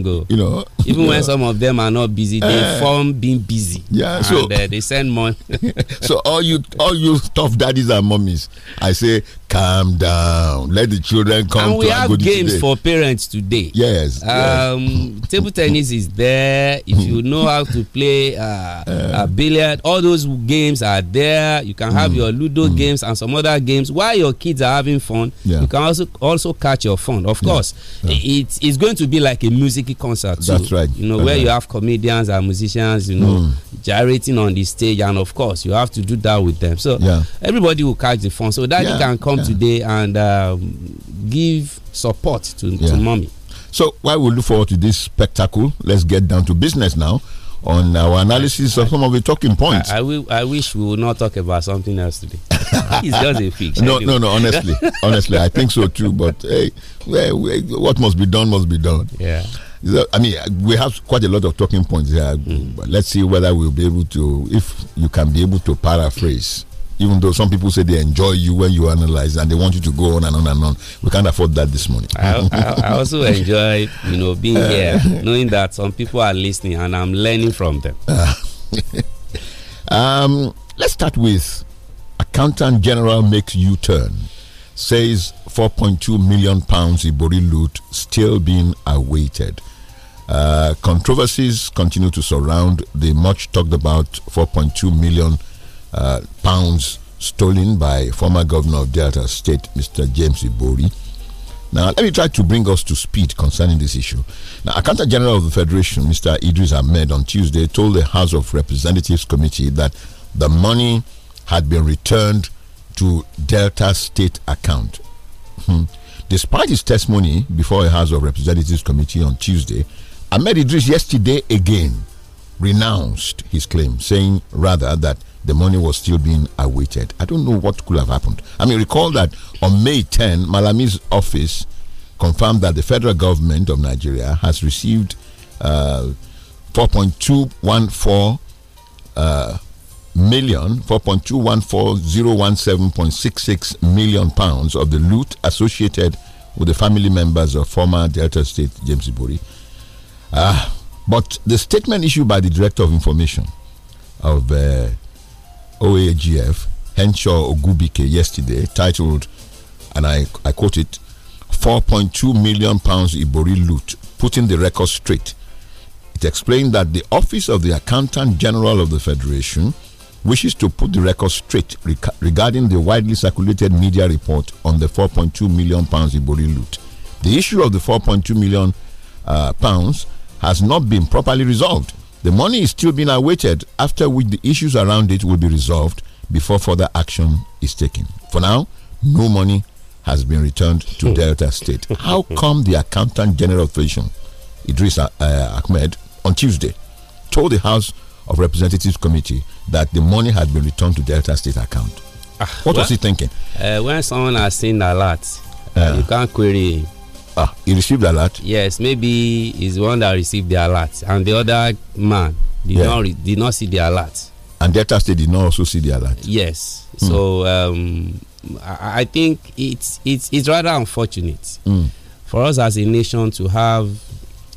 go. You know, even yeah. when some of them are not busy, they uh, form being busy. Yeah, and so uh, they send money. so all you all you stuff daddies and mummies, I say calm down let the children come and we have games today. for parents today yes, um, yes. table tennis is there if you hmm. know how to play uh, billiard all those games are there you can have mm, your ludo mm. games and some other games while your kids are having fun yeah. you can also also catch your fun of course yeah. It, it's going to be like a music concert too, that's right you know where uh-huh. you have comedians and musicians you know mm. gyrating on the stage and of course you have to do that with them so everybody will catch the fun so that you can come yeah. today and um, give support to, yeah. to mommy. So while we look forward to this spectacle, let's get down to business now on our analysis I, of some of the talking points. I, I, will, I wish we would not talk about something else today. it's just a fix. No, anyway. no, no. Honestly, honestly, I think so too. But hey, well, what must be done must be done. Yeah. I mean, we have quite a lot of talking points here. Mm. Let's see whether we'll be able to, if you can be able to paraphrase even though some people say they enjoy you when you analyze and they want you to go on and on and on. We can't afford that this morning. I, I, I also enjoy, you know, being uh, here, knowing that some people are listening and I'm learning from them. um, let's start with accountant general makes U-turn, says 4.2 million pounds Ibori loot still being awaited. Uh, controversies continue to surround the much talked about 4.2 million uh, pounds stolen by former governor of Delta State, Mr. James Ibori. Now, let me try to bring us to speed concerning this issue. Now, Accountant General of the Federation, Mr. Idris Ahmed, on Tuesday told the House of Representatives Committee that the money had been returned to Delta State account. Hmm. Despite his testimony before a House of Representatives Committee on Tuesday, Ahmed Idris yesterday again renounced his claim, saying rather that the money was still being awaited. I don't know what could have happened. I mean, recall that on May 10, Malami's office confirmed that the federal government of Nigeria has received uh, 4.214 uh, million, 4.214017.66 million pounds of the loot associated with the family members of former Delta State James Ibori. Uh, but the statement issued by the Director of Information of uh, OAGF, Henshaw Ogubike, yesterday titled, and I, I quote it, 4.2 million pounds Ibori loot, putting the record straight. It explained that the Office of the Accountant General of the Federation wishes to put the record straight regarding the widely circulated media report on the 4.2 million pounds Ibori loot. The issue of the 4.2 million uh, pounds has not been properly resolved the money is still being awaited, after which the issues around it will be resolved before further action is taken. For now, no money has been returned to hmm. Delta State. How hmm. come the Accountant General of Federation, Idris uh, Ahmed, on Tuesday told the House of Representatives Committee that the money had been returned to Delta State account? Ah, what well, was he thinking? Uh, when someone has seen a lot, uh, you uh. can't query Ah, he received the alert? Yes, maybe he's the one that received the alert, and the other man did, yeah. not, did not see the alert. And Delta State did not also see the alert? Yes. Hmm. So um, I, I, think it's, it's, it's rather unfortunate hmm. for us as a nation to have,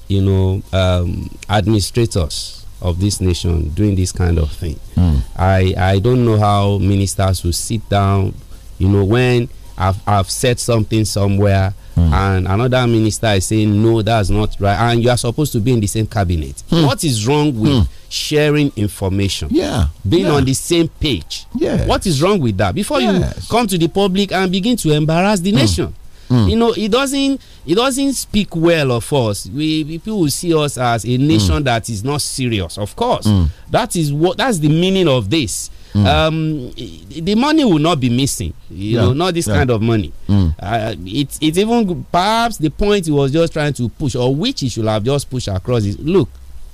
you know, um, administrators of this nation doing this kind of thing. Hmm. I, I don't know how ministers will sit down, you know, when I've, I've said something somewhere Mm. And another minister is saying, no, that's not right. And you are supposed to be in the same cabinet. Mm. What is wrong with mm. sharing information? Yeah. Being yeah. on the same page. Yeah. What is wrong with that? Before yes. you come to the public and begin to embarrass the hmm. nation. Hmm. You know, it doesn't it doesn't speak well of us. We people will see us as a nation hmm. that is not serious. Of course. That is what that's the meaning of this. Mm. Um, the money will not be missing. You yeah. know, not this yeah. kind of money. Mm. Uh, it's it even perhaps the point he was just trying to push, or which he should have just pushed across is look,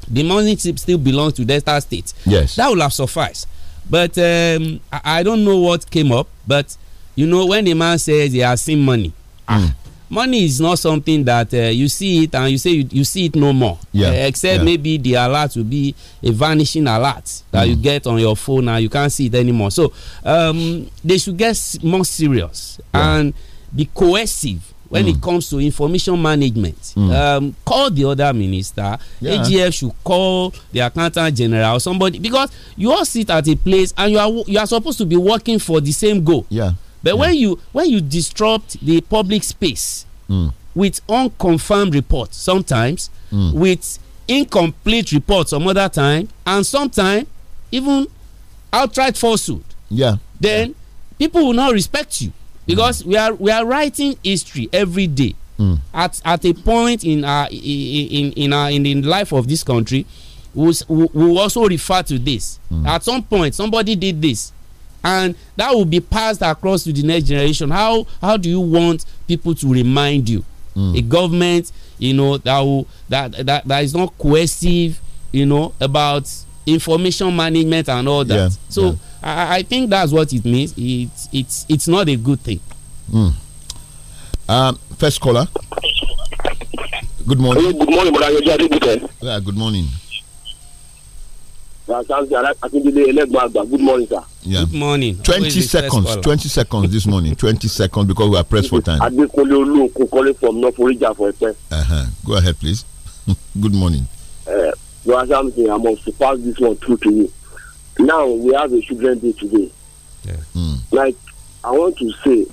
the money still belongs to Delta State. Yes, that will have sufficed. But um, I, I, don't know what came up. But you know, when a man says he has seen money, ah, mm. ah, money is not something that uh, you see it and you say you, you see it no more. Yeah. Uh, except yeah. maybe the alert will be a vanishing alert that mm. you get on your phone and you can't see it anymore. So um, they should get more serious yeah. and be coercive when mm. it comes to information management. Mm. Um, call the other minister. Yeah. AGF should call the accountant general or somebody because you all sit at a place and you are you are supposed to be working for the same goal. Yeah but when you when you disrupt the public space mm. with unconfirmed reports, sometimes mm. with incomplete reports some other time, and sometimes even outright falsehood. Yeah. Then people will not respect you because mm. we are we are writing history every day. Mm. At at a point in our in in our in the life of this country, we will we'll also refer to this. Mm. At some point, somebody did this and that will be passed across to the next generation how how do you want people to remind you mm. a government you know that will that that, that is not cohesive you know about information management and all that yeah, so yeah. I, I think that's what it means it's it's it's not a good thing mm. um, first caller good morning good morning Yeah, good morning Good morning, sir. Yeah. Good morning. 20 seconds, 20 seconds this morning, 20 seconds because we are pressed for time. Adekunle calling from for Epe. Uh-huh. Go ahead, please. Good morning. Eh, am Samson, I must pass this one through to you. Now, we have a children's day today. Yeah. Mm. Like, I want to say,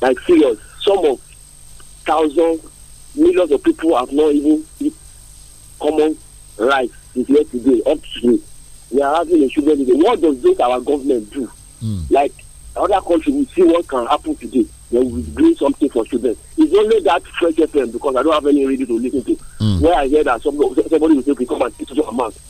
like, serious, some of thousands, millions of people have not even common rights is here today, up to today we are having a children what does this our government do mm. like other country we see what can happen today then we bring something for children it's only that fresh fm because i don't have any radio to listen to mm. where i hear that somebody, somebody will say we come and teach I just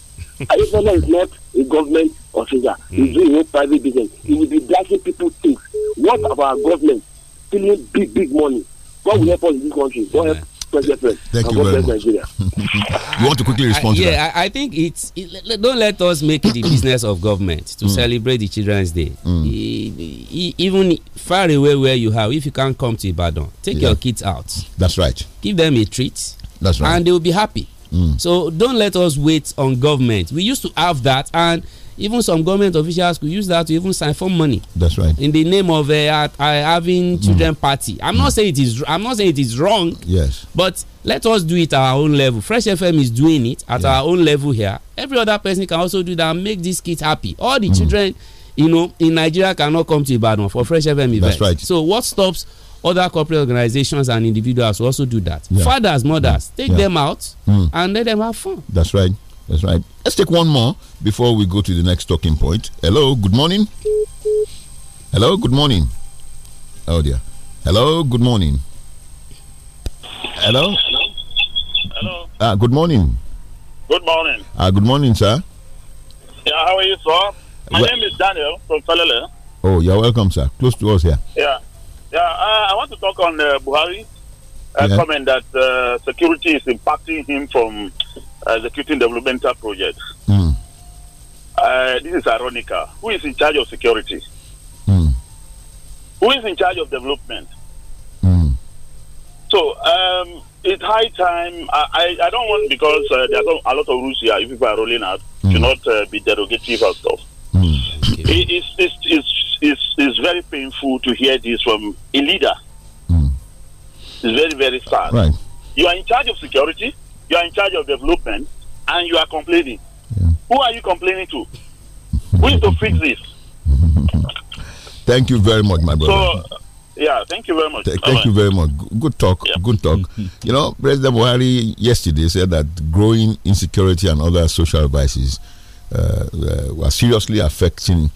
Adesola is not a government officer he's doing his private business he will be blacking people things what about government stealing big big money god will hmm. help us in this country god help Thank you very much. you want to quickly respond I, to yeah, that? Yeah, I, I, think it's it, don't let us make it the business of government to mm. celebrate the Children's Day. Mm. E, e, even far away where you have, if you can't come to Ibadan, take yeah. your kids out. That's right. Give them a treat. That's right. And they will be happy. Mm. So don't let us wait on government. We used to have that and even some government officials could use that to even sign for money. That's right. In the name of uh, uh having mm. children mm. party. I'm mm. not saying it is. I'm not saying it is wrong. Yes. But let us do it at our own level. Fresh FM is doing it at our own level here. Every other person can also do that. Make these kids happy. All the mm. children, you know, in Nigeria cannot come to Ibadan for Fresh FM event. That's right. So what stops? other corporate organizations and individuals also do that. Yeah. Fathers, mothers, yeah. take yeah. them out mm. and let them have fun. That's right. That's right. Let's take one more before we go to the next talking point. Hello, good morning. Hello, good morning. Oh dear. Hello, good morning. Hello. Hello. Ah, uh, good morning. Good morning. Ah, uh, good morning, sir. Yeah, how are you, sir? My well, name is Daniel from Falele. Oh, you're welcome, sir. Close to us here. Yeah, yeah. Uh, I want to talk on uh, Buhari. I uh, yeah. comment that uh, security is impacting him from uh, executing developmental projects. Mm. Uh, this is ironical. Who is in charge of security? Mm. Who is in charge of development? Mm. So um, it's high time. I, I, I don't want because uh, there's a lot of rules here. If people are rolling out, mm. should not uh, be derogative and stuff. Hmm. It, it's, it's, it's, it's, it's very painful to hear this from a leader. Hmm. It's very, very sad. Right. You are in charge of security you are in charge of development and you are complaining. Yeah. Who are you complaining to? Who is to fix this? thank you very much, my brother. So, uh, yeah, thank you very much. Th thank you very much. Good talk. Yeah. Good talk. you know, President Buhari yesterday said that growing insecurity and other social vices uh, uh, were seriously affecting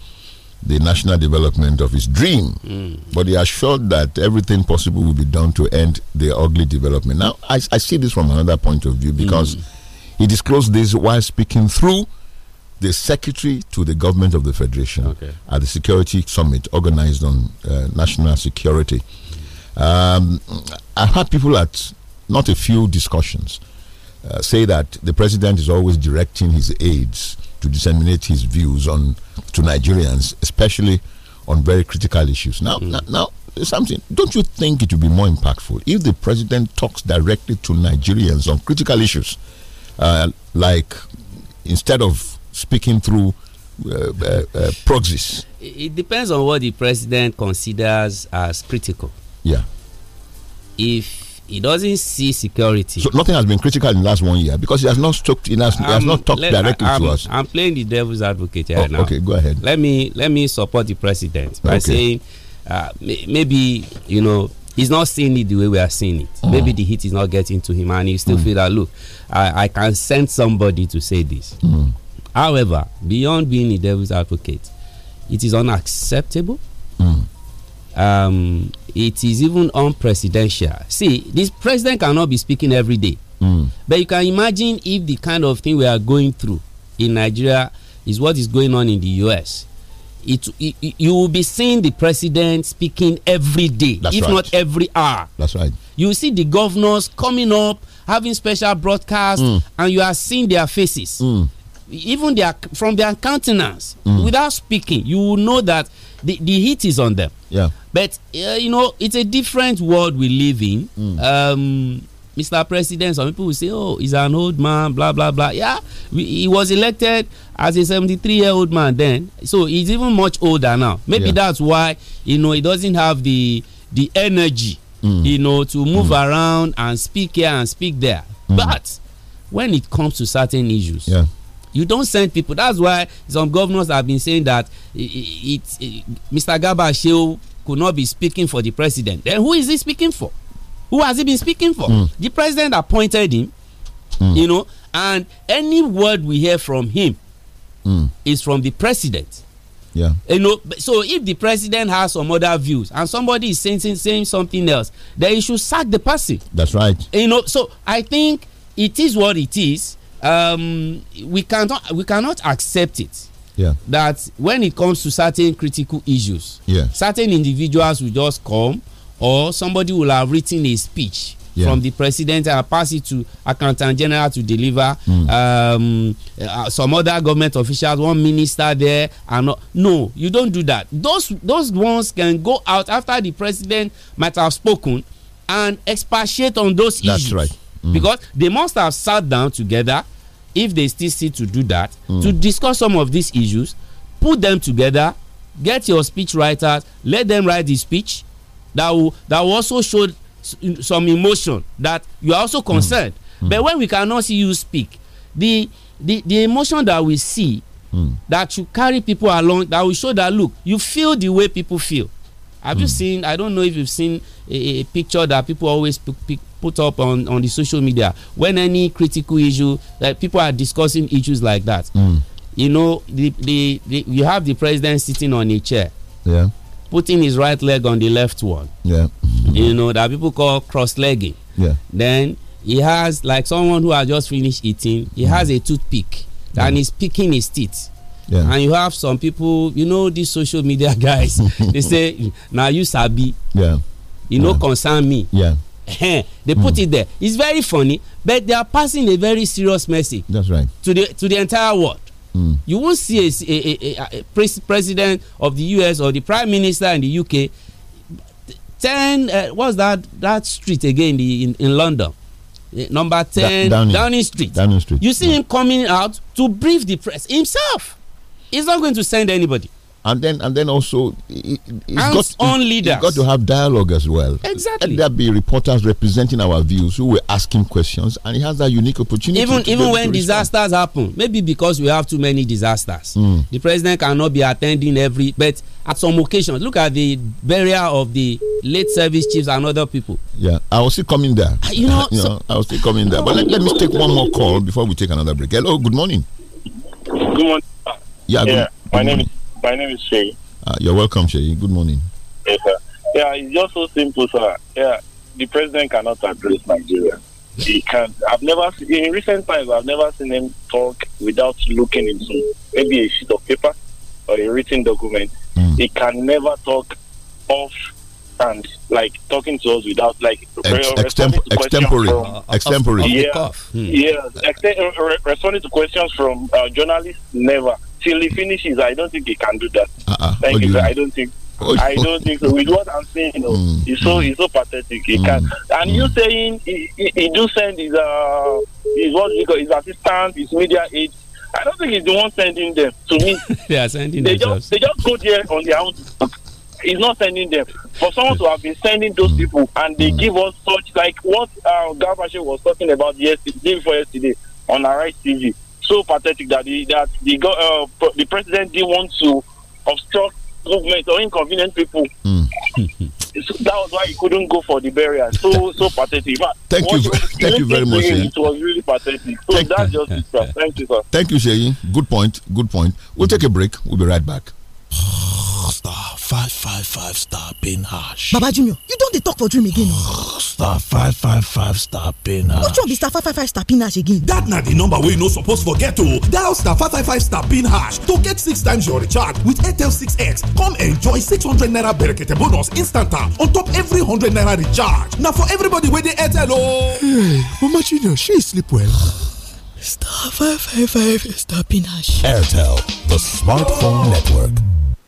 the national development of his dream. Mm. But he assured that everything possible will be done to end the ugly development. Now, I, I see this from another point of view because mm. he disclosed this while speaking through the secretary to the government of the federation okay. at the security summit organized on uh, national security. Um, I've had people at not a few discussions uh, say that the president is always directing his aides to disseminate his views on to Nigerians, especially on very critical issues. Now, mm. now, now, something. Don't you think it would be more impactful if the president talks directly to Nigerians on critical issues, uh, like instead of speaking through uh, uh, uh proxies? It depends on what the president considers as critical. Yeah. If he doesn't see security. So nothing has been critical in the last one year because he has not talked. He has, he has not talked let, directly I'm, to us. I'm playing the devil's advocate here oh, now. Okay, go ahead. Let me let me support the president by okay. saying uh, maybe you know he's not seeing it the way we are seeing it. Mm. Maybe the heat is not getting to him, and he still mm. feel that look, I, I can send somebody to say this. Mm. However, beyond being the devil's advocate, it is unacceptable. Mm um, it is even unpresidential. See, this president cannot be speaking every day. Mm. But you can imagine if the kind of thing we are going through in Nigeria is what is going on in the US. It, it you will be seeing the president speaking every day, That's if right. not every hour. That's right. You see the governors coming up, having special broadcasts, mm. and you are seeing their faces, mm. even their from their countenance, mm. without speaking. You will know that the, the heat is on them. Yeah. But, uh, you know, it's a different world we live in. Mm. Um, Mr. President, some people will say, oh, he's an old man, blah, blah, blah. Yeah, we, he was elected as a 73 year old man then. So he's even much older now. Maybe yeah. that's why, you know, he doesn't have the, the energy, mm. you know, to move mm. around and speak here and speak there. Mm. But when it comes to certain issues, yeah you don't send people. That's why some governors have been saying that it, it, it, Mr. Garba Shehu could not be speaking for the president. Then who is he speaking for? Who has he been speaking for? Mm. The president appointed him, mm. you know, and any word we hear from him mm. is from the president. Yeah. You know, so if the president has some other views and somebody is saying, saying something else, then he should sack the person. That's right. You know, so I think it is what it is um, we cannot we cannot accept it. Yeah. That when it comes to certain critical issues, yeah. certain individuals will just come, or somebody will have written a speech yeah. from the president and pass it to accountant general to deliver. Mm. Um, uh, some other government officials, one minister there, and no, you don't do that. Those those ones can go out after the president might have spoken and expatiate on those That's issues. That's right Mm. because they must have sat down together if they still see to do that mm. to discuss some of these issues put them together get your speech writers let them write the speech that will that will also show some emotion that you are also mm. concerned mm. but when we cannot see you speak the the the emotion that we see mm. that should carry people along that will show that look you feel the way people feel I've just seen, I don't know if you've seen a, a picture that people always put up on, on the social media when any critical issue, like people are discussing issues like that. Mm. You know, the, the, the, you have the president sitting on a chair. Yeah. Putting his right leg on the left one. Yeah. You know, that people call cross legging. Yeah. Then he has, like someone who has just finished eating, he mm. has a toothpick and he's picking his teeth yeah. and you have some people you know these social media guys they say now you sabi yeah. you know yeah. concern me yeah. they put mm. it there it's very funny but they are passing a very serious message that's right to the to the entire world mm. you won't see a, a, a, a, president of the us or the prime minister in the uk 10 uh, what's that that street again in, in london eh, number 10 da downing, downing, street downing street you see yeah. him coming out to brief the press himself He's not going to send anybody. And then, and then also, it, has got, got to have dialogue as well. Exactly. And there be reporters representing our views who will ask him questions, and he has that unique opportunity. Even even when disasters happen, maybe because we have too many disasters, mm. the president cannot be attending every. But at some occasions, look at the burial of the late service chiefs and other people. Yeah, I will still coming there. Ah, you know, you know so, I will still coming there. But let, let me take one more call before we take another break. Hello, good morning. Good morning. Yeah. yeah. my good name morning. is my name is Shay. Uh, you're welcome, Shay. Good morning. Yes, sir. Yeah, it's just so simple, sir. Yeah, the president cannot address Nigeria. He can't. I've never seen, in recent times. I've never seen him talk without looking into maybe a sheet of paper or a written document. Mm. He can never talk off and like talking to us without like Ex extemp extempore. Yeah, hmm. yeah. responding to questions from uh, journalists never till he finishes. I don't think he can do that. Uh-uh. Thank you. I don't think. Oh, I don't oh. think so. With what I'm saying, you know, mm. so mm. he's so pathetic. He mm. can and mm. you saying he, he, he, do send his uh his what because his assistant, his media aide. I don't think he's the one sending them to me. they are sending they themselves. Just, they just go there on their own. He's not sending them. For someone to have been sending those mm, people and they mm. give us such like what uh, Garbage was talking about yesterday, day before yesterday on our right TV so pathetic that the that the uh, the president didn't want to obstruct movement or inconvenience people. Mm. so that was why he couldn't go for the burial. So so pathetic. But thank you, thank you very much. Him, it was really pathetic. So thank, that's just it, Thank you, sir. Thank you, Sheyi. Good point. Good point. We'll mm -hmm. take a break. We'll be right back star five five five star pin hash. baba junior you don dey talk for dream again star five five five star pin hash. which wrong with star five five five star pin hash again. That na the number wey you no suppose forget o dial star five five five star pin hash to get six times your recharge with airtel 6x come enjoy six hundred naira berekete bonus instanta on top every hundred naira recharge na for everybody wey dey airtel o. hey mama junior she sleep well. star five five five star pin hash. airtel the smartphone network.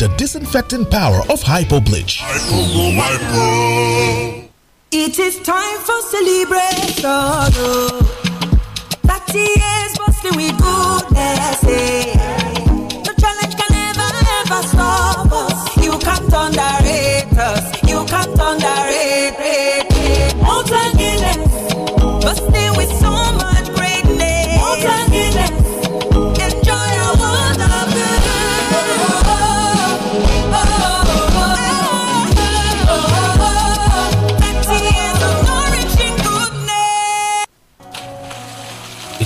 the disinfecting power of Hypo Bleach. It is time for celebration. 30 years bustling with goodness. No eh. challenge can ever, ever stop us. You can't underrate us. You can't underrate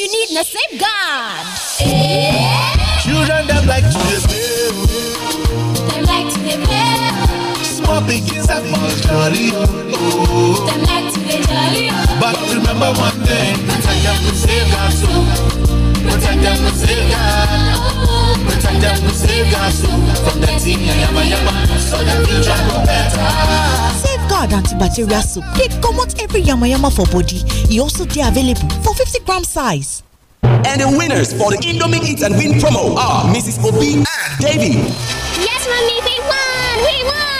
you need in the same God. Children, them like to play. Them like to be Small pigs and more jolly. Oh. Them like to be jolly. But remember one thing, protect them from save God soul. Protect them from save God. Protect them from save God soul. From that thing, yama yama, so that future will be better. guard antibacterial soap They come out every yamayama for body e also dey available for 50 gram size. And the winners for the Indomie Eat and Win promo are Mrs. Obi and Davy. Yes, mommy, we won! We won!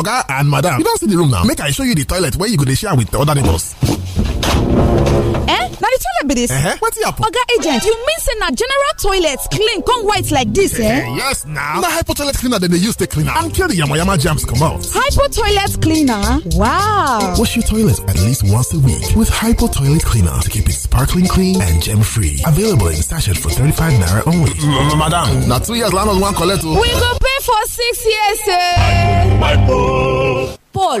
oga and madam you don see the room now make i show you the toilet wey you go dey share with other neighbors be dis uh-huh. wetin happen. oga agent you mean say na general toilets clean come white like this, eh uh, yes na na hypo toilet cleaner dem they use take clean am and kill the yamayama come out. hypo toilet cleaner wow wash your toilet at least once a week with hypo toilet cleaner to keep it sparkling clean and germ free available in sachet for 35 naira only madam now two years landlord wan collect o oh. we go pay for six years eh paul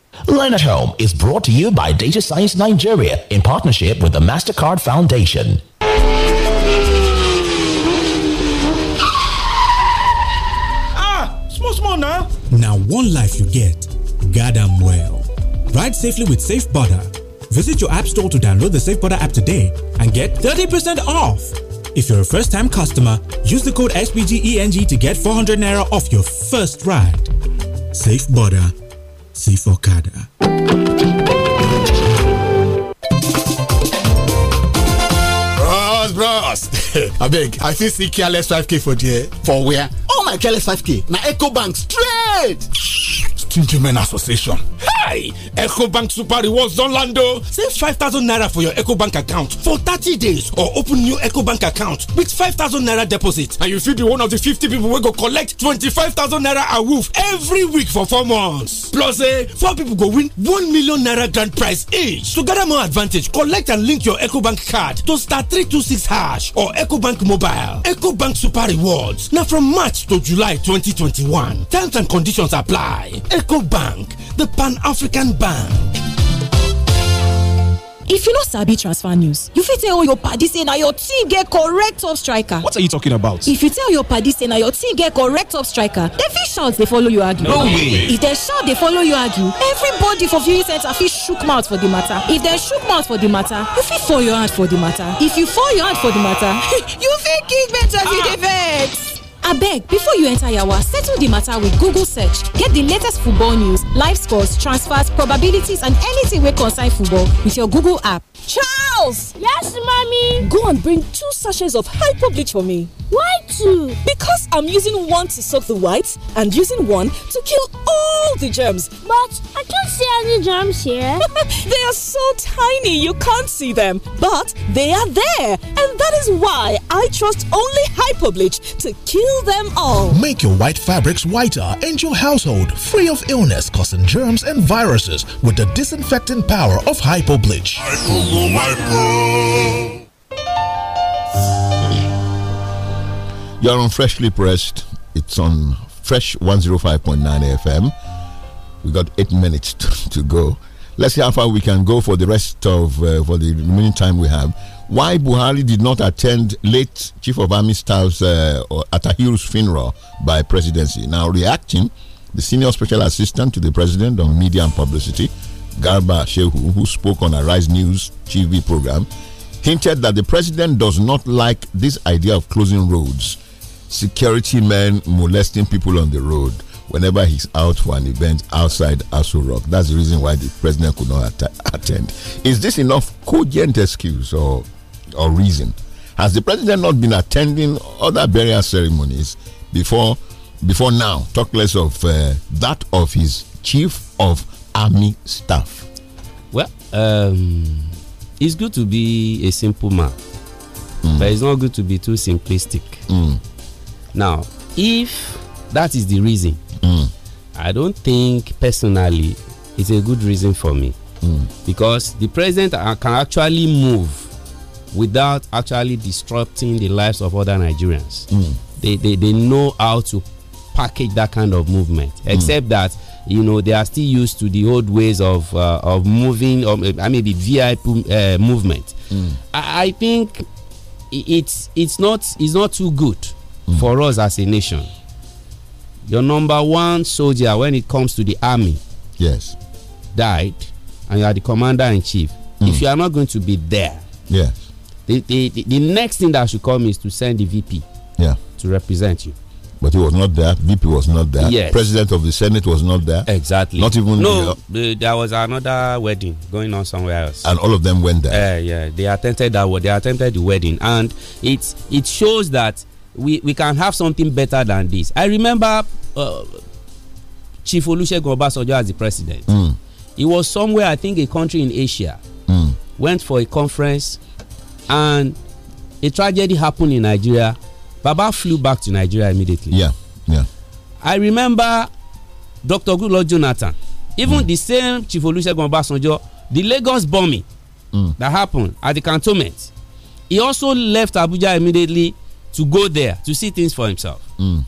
Learn at Home is brought to you by Data Science Nigeria in partnership with the MasterCard Foundation. Ah, small, small now. Now, one life you get, goddamn well. Ride safely with Safe Butter. Visit your app store to download the Safe Butter app today and get 30% off. If you're a first time customer, use the code SBGENG to get 400 Naira off your first ride. Safe Butter C4 card. Bros, bros. abeg i fit see careless 5k for there for where all oh my careless five k na ecobank straight student women association buy ecobank super rewards don land save five thousand naira for your ecobank account for thirty days or open new ecobank account with five thousand naira deposit and you fit be one of the fifty people wey go collect twenty-five thousand naira awoof every week for four months plus say eh, four people go win one million naira grand prize each to gather more advantage collect and link your ecobank card to start three two six hash or ecobank mobile ecobank super rewards now from march to july 2021 terms and conditions apply ecobank the pan-african. african bank if you no sabi transfer news you fit tell all your padi say na your team get correct top striker what are you talking about if you tell your party say na your team get correct top striker they fit shout they follow you argue no way if they shout they follow you argue everybody for viewing centre fit shook mouth for the matter if they shook mouth for the matter you fit fall your hand for the matter if you fall your hand for the matter you fit kick better as you dey abeg before you enter yawa settle the matter with google search get the latest football news live scores transfers probabilities and anything wey concern football with your google app. charles. yes mami. go and bring two sachets of hypo bleach for me. why two. because i'm using one to soak the whites and using one to kill all the germs. but i can't see any germs here. they are so tiny you can't see them but they are there and that is why i trust only hypo bleach to kill Kill them all. Make your white fabrics whiter and your household free of illness causing germs and viruses with the disinfecting power of Hypo Bleach. You're on Freshly Pressed. It's on Fresh 105.9 FM. We got eight minutes to go. Let's see how far we can go for the rest of uh, for the remaining time we have why Buhari did not attend late Chief of Army Staff's uh, Atahiru's funeral by presidency. Now, reacting, the senior special assistant to the president on media and publicity, Garba Shehu, who spoke on a Rise News TV program, hinted that the president does not like this idea of closing roads, security men molesting people on the road whenever he's out for an event outside Aso Rock. That's the reason why the president could not attend. Is this enough cogent excuse or or reason. Has the president not been attending other burial ceremonies before before now? Talk less of uh, that of his chief of army staff. Well, um, it's good to be a simple man, mm. but it's not good to be too simplistic. Mm. Now, if that is the reason, mm. I don't think personally it's a good reason for me hmm. because the president can actually move without actually disrupting the lives of other Nigerians. Mm. They, they, they know how to package that kind of movement, hmm. except that you know they are still used to the old ways of uh, of moving or i mean the vip uh, movement mm. I, I, think it's it's not it's not too good mm. for us as a nation your number one soldier when it comes to the army yes died and you are the commander in chief mm. if you are not going to be there yes the, the, the, next thing that should come is to send the VP yeah. to represent you. But he was not there. VP was not there. Yes. President of the Senate was not there. Exactly. Not even no. The, uh, there was another wedding going on somewhere else. And all of them went there. Uh, yeah, they attempted that. They attempted the wedding, and it it shows that we we can have something better than this. I remember uh, Chief Olusegun Obasanjo as the president. Mm. He was somewhere, I think, a country in Asia. Mm. Went for a conference and a tragedy happened in Nigeria. Baba flew back to Nigeria immediately. Yeah, yeah. I remember Dr. Goodluck Jonathan, even mm. the same Chief Olusegun Obasanjo, the Lagos bombing mm. that happened at the cantonment. He also left Abuja immediately to go there to see things for himself. Mm.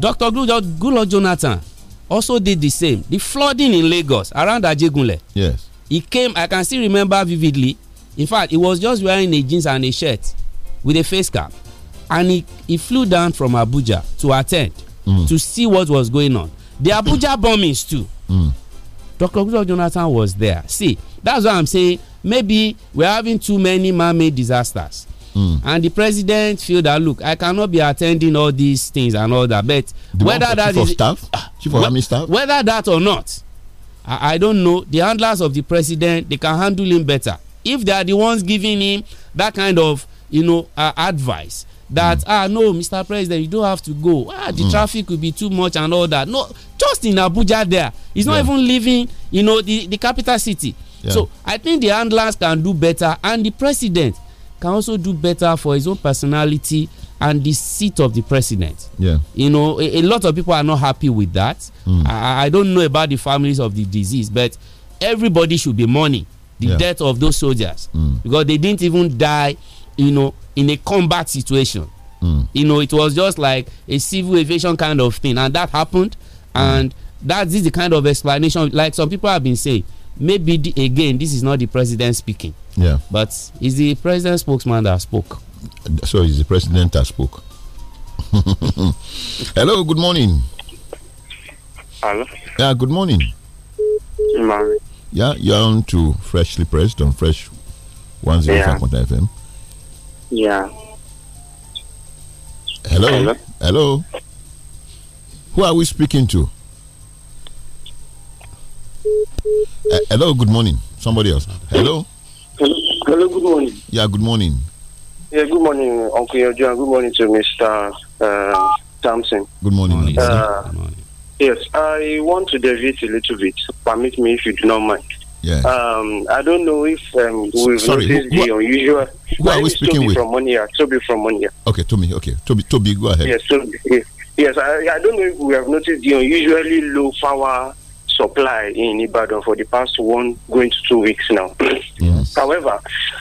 Dr. Goodluck Jonathan also did the same. The flooding in Lagos around Ajegunle. Yes. He came, I can still remember vividly in fact, he was just wearing a jeans and a shirt with a face cap. And he, he flew down from Abuja to attend mm. to see what was going on. The Abuja bombings, too. Mm. Dr. Jonathan was there. See, that's why I'm saying maybe we're having too many man made disasters. Mm. And the president feel that look, I cannot be attending all these things and all that. But the whether that is staff, chief of army staff, whether that or not, I, I don't know. The handlers of the president they can handle him better if they are the ones giving him that kind of you know uh, advice that mm. ah no mr president you don't have to go ah the mm. traffic will be too much and all that no just in abuja there he's not yeah. even living, you know the the capital city yeah. so i think the handlers can do better and the president can also do better for his own personality and the seat of the president yeah you know a, a lot of people are not happy with that mm. I, I don't know about the families of the disease but everybody should be mourning the yeah. death of those soldiers mm. because they didn't even die you know in a combat situation mm. you know it was just like a civil aviation kind of thing and that happened mm. and that is the kind of explanation like some people have been saying maybe the, again this is not the president speaking yeah but it's the president spokesman that spoke so it's the president that spoke hello good morning hello yeah good morning good morning yeah, you're on to Freshly Pressed on Fresh 105.9 FM. Yeah. Hello? Hello? Hello? Who are we speaking to? Uh, hello, good morning. Somebody else. Hello? Hello, hello good morning. Yeah, good morning. Yeah, good morning, Uncle Yojo, good morning to Mr. Uh, Thompson. Good morning, uh, good morning. Yes, I want to deviate a little bit. Permit me if you do not mind. Yeah. Um, I don't know if um, we've Sorry, noticed who, who, the unusual. Who are we speaking Toby with? From Monia. Toby from Monia. Okay, Toby. Okay, Toby. Toby, go ahead. Yes, Toby. Yes, yes I, I, don't know if we have noticed the unusually low power supply in Ibadan for the past one going to two weeks now. yes. However,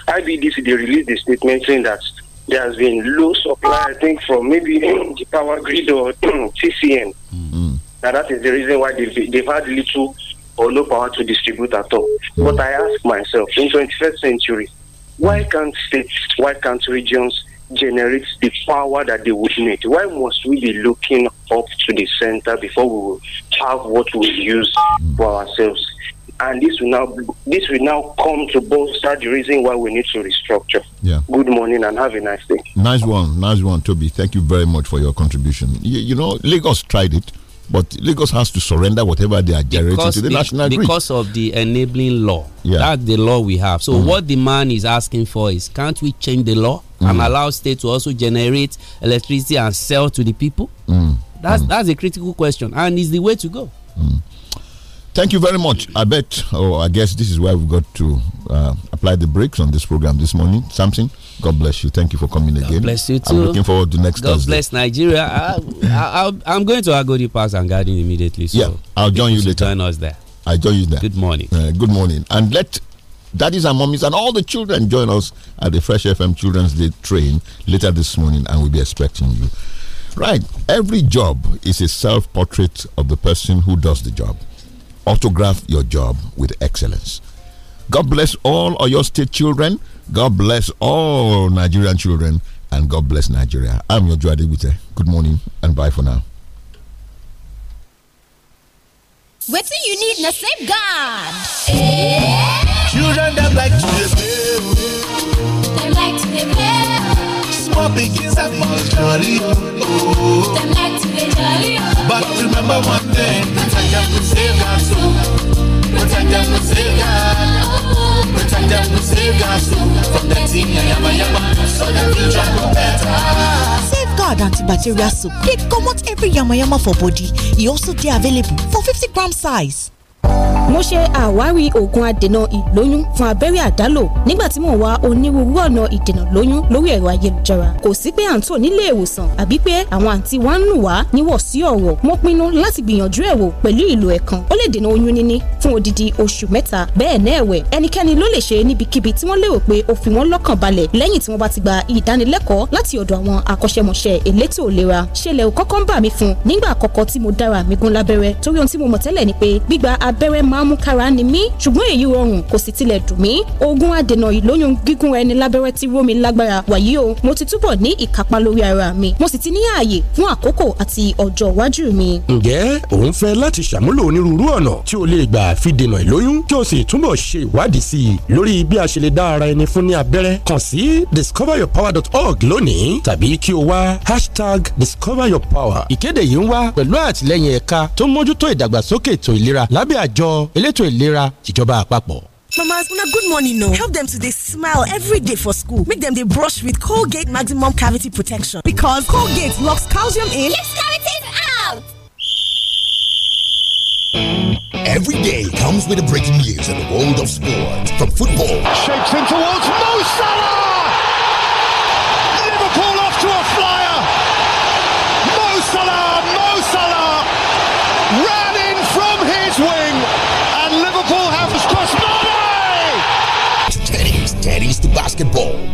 IBDC they released a statement saying that there has been low supply. I think from maybe the power grid or TCN. Mm -hmm that that is the reason why they've, they've had little or no power to distribute at all. Mm. But I ask myself, in 21st century, why can't states, why can't regions generate the power that they would need? Why must we be looking up to the center before we have what we use for ourselves? And this will now this will now come to bolster the reason why we need to restructure. Yeah. Good morning and have a nice day. Nice one, nice one, Toby. Thank you very much for your contribution. You, you know, Lagos tried it but Lagos has to surrender whatever they are generating because to the, national grid. Because of the enabling law. Yeah. That's the law we have. So mm. what the man is asking for is can't we change the law mm. and allow state to also generate electricity and sell to the people? Mm. That's mm. that's a critical question and is the way to go. Mm. Thank you very much. I bet, or oh, I guess this is why we've got to uh, apply the brakes on this program this morning. Something. God bless you. Thank you for coming God again. bless you too. I'm looking forward to next God Thursday. bless Nigeria. I, am going to Agodi Pass and Garden immediately. So yeah, I'll join you later. Join us there. I join you there. Good morning. Uh, good morning. And let daddies and mummies and all the children join us at the Fresh FM Children's Day train later this morning, and we'll be expecting you. Right. Every job is a self portrait of the person who does the job. Autograph your job with excellence. God bless all of your state children God bless all Nigerian children and God bless Nigeria. I'm your Joe Adibute. Good morning and bye for now. What do you need na safeguard. Children that like to be play o. like to be play Small pikins have more jolly o. like to be jolly But Remember one thing, protect and save our soul. Protect and save God. Protect and save our soul from the thing yama yama, so that future go better. Safeguard antibacterial soap. They comot every yama yama for body. It also dey available for 50 gram size mo ṣe àwárí oògùn adènà ìlóyún fún abẹ́rẹ́ àdálò nígbà tí mò ń wá onírúurú ọ̀nà ìdènà lóyún lórí ẹ̀rọ ayélujára kò sí pé à ń tò nílé ìwòsàn àbí pé àwọn àǹtí wa ń nù wá níwọ̀ sí ọ̀rọ̀ mo pinnu láti gbìyànjú ẹ̀ wò pẹ̀lú ìlò ẹ̀kan ó lè dènà oyún níní fún odidi oṣù mẹ́ta bẹ́ẹ̀ náà ẹ̀wẹ̀ ẹnikẹ́ni ló lè ṣe níbikíbi tí wọ́n lérò pé o fi wọ́n lọ́kàn balẹ̀ lẹ́yìn tí wọ́n bá ti gba ìdánilẹ́kọ̀ọ́ láti ọ̀dọ̀ àwọn akọ́ṣẹ́mọṣẹ́ elétò ìlera ṣẹlẹ̀ ò kọ́kọ́ ń bà mí fún nígbà àkọ́kọ́ tí mo dára mi gún lábẹ́rẹ́ torí ohun tí mo mọ̀ tẹ́lẹ̀ ni pé gbígba abẹ́rẹ́ máa ń mú kára ni mí ṣùgbọ́n èyí rọrùn kò sì tilẹ̀ dùn mí oògùn adènà ìlóyún gígùn ẹni lábẹ́rẹ́ tí ró mi lágbára wàyí o mo ti túbọ̀ ní ìkápá lórí ara mi mo sì ti ní ààyè fún àkókò àti ọjọ́ iwájú mi. ǹjẹ́ ò ń fẹ́ láti ṣàmúlò onírúurú ọ̀nà tí o lè gbà fi dènà ìlóyún kí o sì túbọ̀ ṣe ìwádìí sí i lórí bí a ṣe lè dá ara ẹni fún ní abẹ́rẹ́ kàn sí discoveryourpower.org lónìí tàbí kí o wá hashtag discoveryourpower ìkéde yìí ń wá pẹ̀lú àtìlẹ́yìn ẹ̀ka tó mójútó ìdàgbàsókè ètò ìlera lábẹ́ àjọ elétò ìlera tìjọba àpapọ̀. Mamas, una good morning, no. Help them to they smile every day for school. Make them they brush with Colgate Maximum Cavity Protection because Colgate locks calcium in. Keeps cavities out. Every day comes with a breaking news in the world of sports. From football, shapes in towards Mo Salah. basketball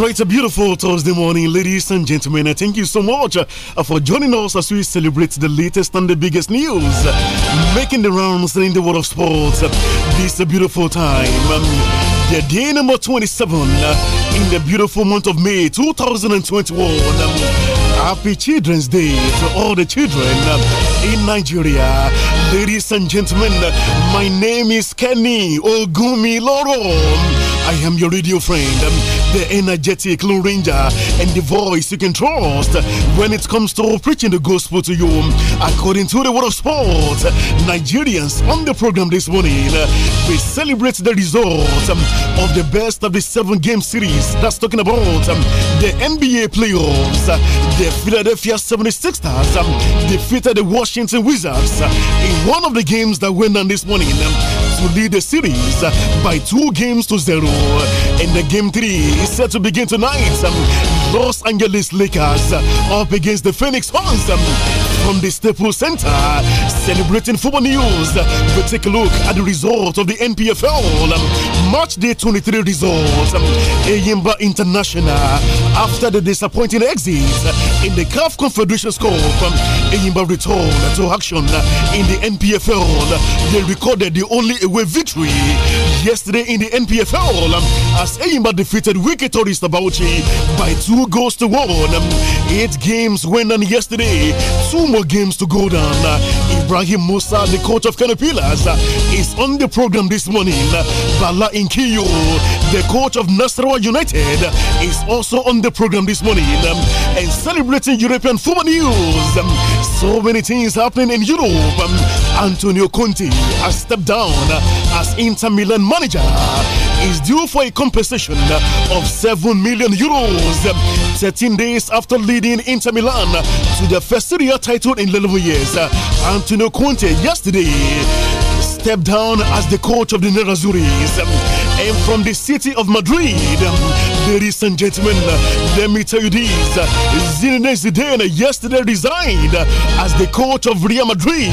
All right, a beautiful Thursday morning, ladies and gentlemen. Uh, thank you so much uh, for joining us as we celebrate the latest and the biggest news uh, making the rounds in the world of sports. Uh, this is a beautiful time. Um, the day number 27 in the beautiful month of May 2021. Um, Happy Children's Day to all the children in Nigeria. Ladies and gentlemen, my name is Kenny Ogumi Loro. I am your radio friend, um, the energetic Lone Ranger, and the voice you can trust when it comes to preaching the gospel to you. Um, according to the word of sport, Nigerians on the program this morning, uh, we celebrate the result um, of the best of the seven game series. That's talking about the NBA playoffs. The Philadelphia 76ers defeated the Washington Wizards uh, in one of the games that went on this morning will lead the series by two games to zero. And the game three is set to begin tonight. Um, Los Angeles Lakers uh, up against the Phoenix Suns um, from the Staples Center. Celebrating football news, we take a look at the result of the NPFL um, March Day 23 results. Ayimba International, after the disappointing exit uh, in the CAF Confederation Cup, Ayimba returned to action uh, in the NPFL. They recorded the only away victory yesterday in the NPFL um, as Eyimba defeated Wicked Torista Bauchi by two goals to one. Um, eight games went on yesterday, two more games to go down. Uh, Ibrahim Musa, the coach of Canopilas, uh, is on the program this morning. Bala Inkiyo, the coach of Nasrawa United, is also on the program this morning um, and celebrating European football news. Um, so many things happening in Europe. Um, Antonio Conte has stepped down as Inter Milan manager is due for a compensation of 7 million euros 13 days after leading Inter Milan to the first Serie title in 11 years. Antonio Conte yesterday stepped down as the coach of the Nerazzurris and from the city of Madrid. Ladies and gentlemen, let me tell you this. Zinedine Zidane yesterday resigned as the coach of Real Madrid.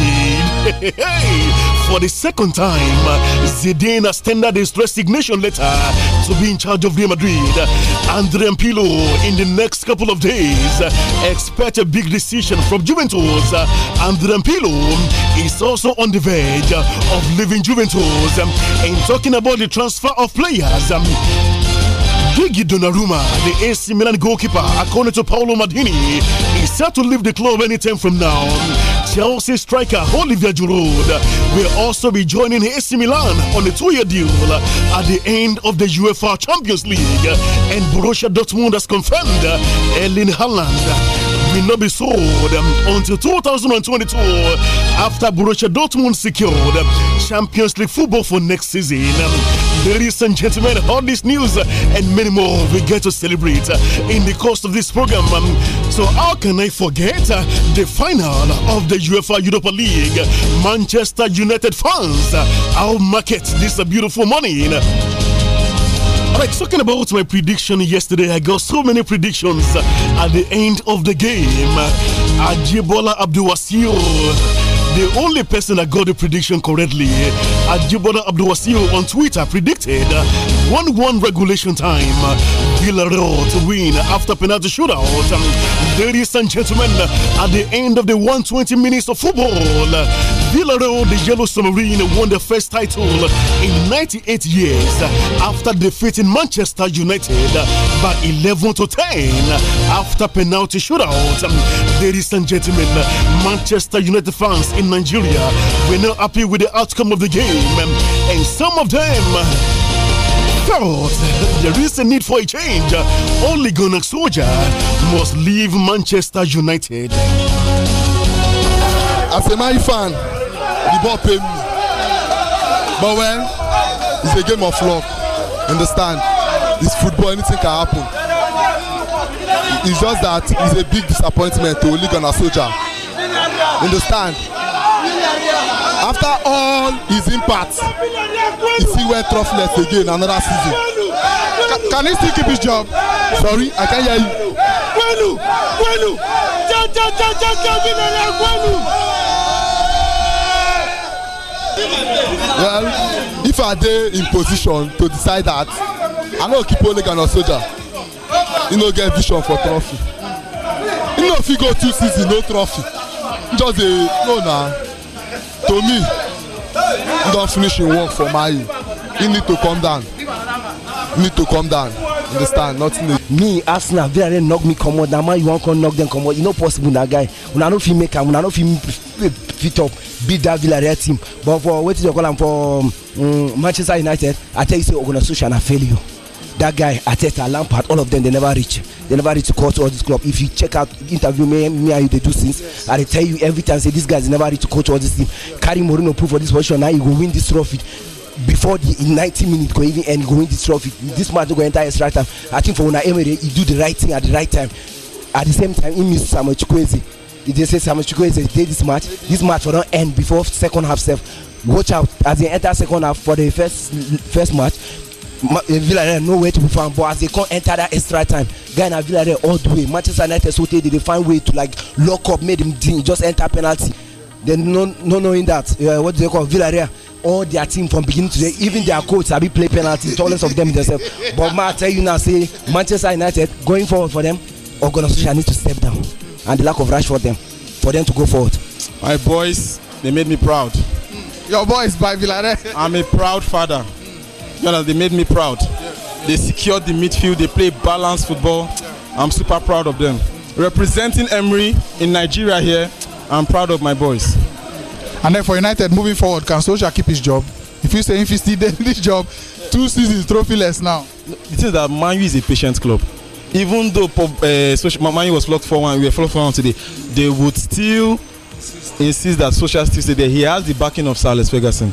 for the second time, Zidane has tendered his resignation letter to be in charge of Real Madrid. Andrea Pilo, in the next couple of days, expect a big decision from Juventus. Andrea Pilo is also on the verge of leaving Juventus. In talking about the transfer of players, Gigi Donnarumma, the AC Milan goalkeeper, according to Paolo Maldini, is set to leave the club anytime from now. Chelsea striker Olivier Giroud will also be joining AC Milan on a two-year deal at the end of the UEFA Champions League. And Borussia Dortmund has confirmed Erling Haaland will not be sold um, until 2022 after Borussia Dortmund secured um, Champions League football for next season. Um, ladies and gentlemen, all this news uh, and many more we get to celebrate uh, in the course of this program. So, how can I forget uh, the final of the UEFA Europa League? Manchester United fans, I'll market this beautiful morning. All right, talking about my prediction yesterday, I got so many predictions at the end of the game. Ajibola Abdulwasil the only person that got the prediction correctly, eh, Ajibola Abdulwasiu on Twitter predicted 1-1 regulation time. Villarreal to win after penalty shootout. Ladies and gentlemen, at the end of the 120 minutes of football, Villarreal, the Yellow Submarine, won the first title in 98 years after defeating Manchester United by 11 to 10 after penalty shootout. Ladies and gentlemen, Manchester United fans in Nigeria, we're not happy with the outcome of the game, and some of them felt there is a need for a change. Only Gunnar Soldier must leave Manchester United. As a my fan, the ball paid me. But when it's a game of luck, understand? It's football, anything can happen. It's just that it's a big disappointment to Ole Soldier. Understand? after all his impact he still wear troughless again another season C can he still keep his job sorry i can't hear you. well if i dey in position to decide that i no keep oleg or osoja he no get vision for trophy he no fit go two seasons no trophy just dey no na to me he don finish him work for mayi he need to come down need to come down understand nothing dey. me arsenal villarreal knock me comot na man you wan come knock dem comot e no possible na guy una no fit make am una no fit fit up beat dat villarreal team but for wetin dem call am for um, manchester united i tell you say ogunasocia na failure. that guy Ateta, Lampard, all of them they never reach. They never reach to coach all this club. If you check out interview me, me and you they do things, I tell you every time say these guys never reach to coach all this team. Yeah. Carry Moreno prove for this position now he will win this trophy. Before the 90 minutes go even end, go win this trophy. Yeah. This match go enter extra time. I think for Una Emery, he do the right thing at the right time. At the same time, he miss Samuel Chukwueze. If they say Samuel Chukwueze did this match, this match will not end before second half self. Watch out as they enter second half for the first first match. Eh, Villarreal no way to perform but as they come enter that extra time guy na Villarreal all the way Manchester United so tey dey dey find way to like lock up make dem deal just enter penalty then no no knowing that uh, what do they call Villarreal all their team from beginning to end even their coach sabi play penalty tallest of them themselves but ma I tell you now say Manchester United going forward for them organisation need to step down and the lack of rush for them for them to go forward. my boys they made me proud. Hmm. your boys by Villarreal. I'm a proud father. know they made me proud. They secured the midfield. They play balanced football. I'm super proud of them. Representing Emery in Nigeria here, I'm proud of my boys. And then for United moving forward, can Solskjaer keep his job? If you say if he still did this job, two seasons trophyless now. It is that Manu is a patient club. Even though uh, Manu was locked for one, we were flogged for one today, they would still insist that Solskjaer still stay there. He has the backing of Salas Ferguson.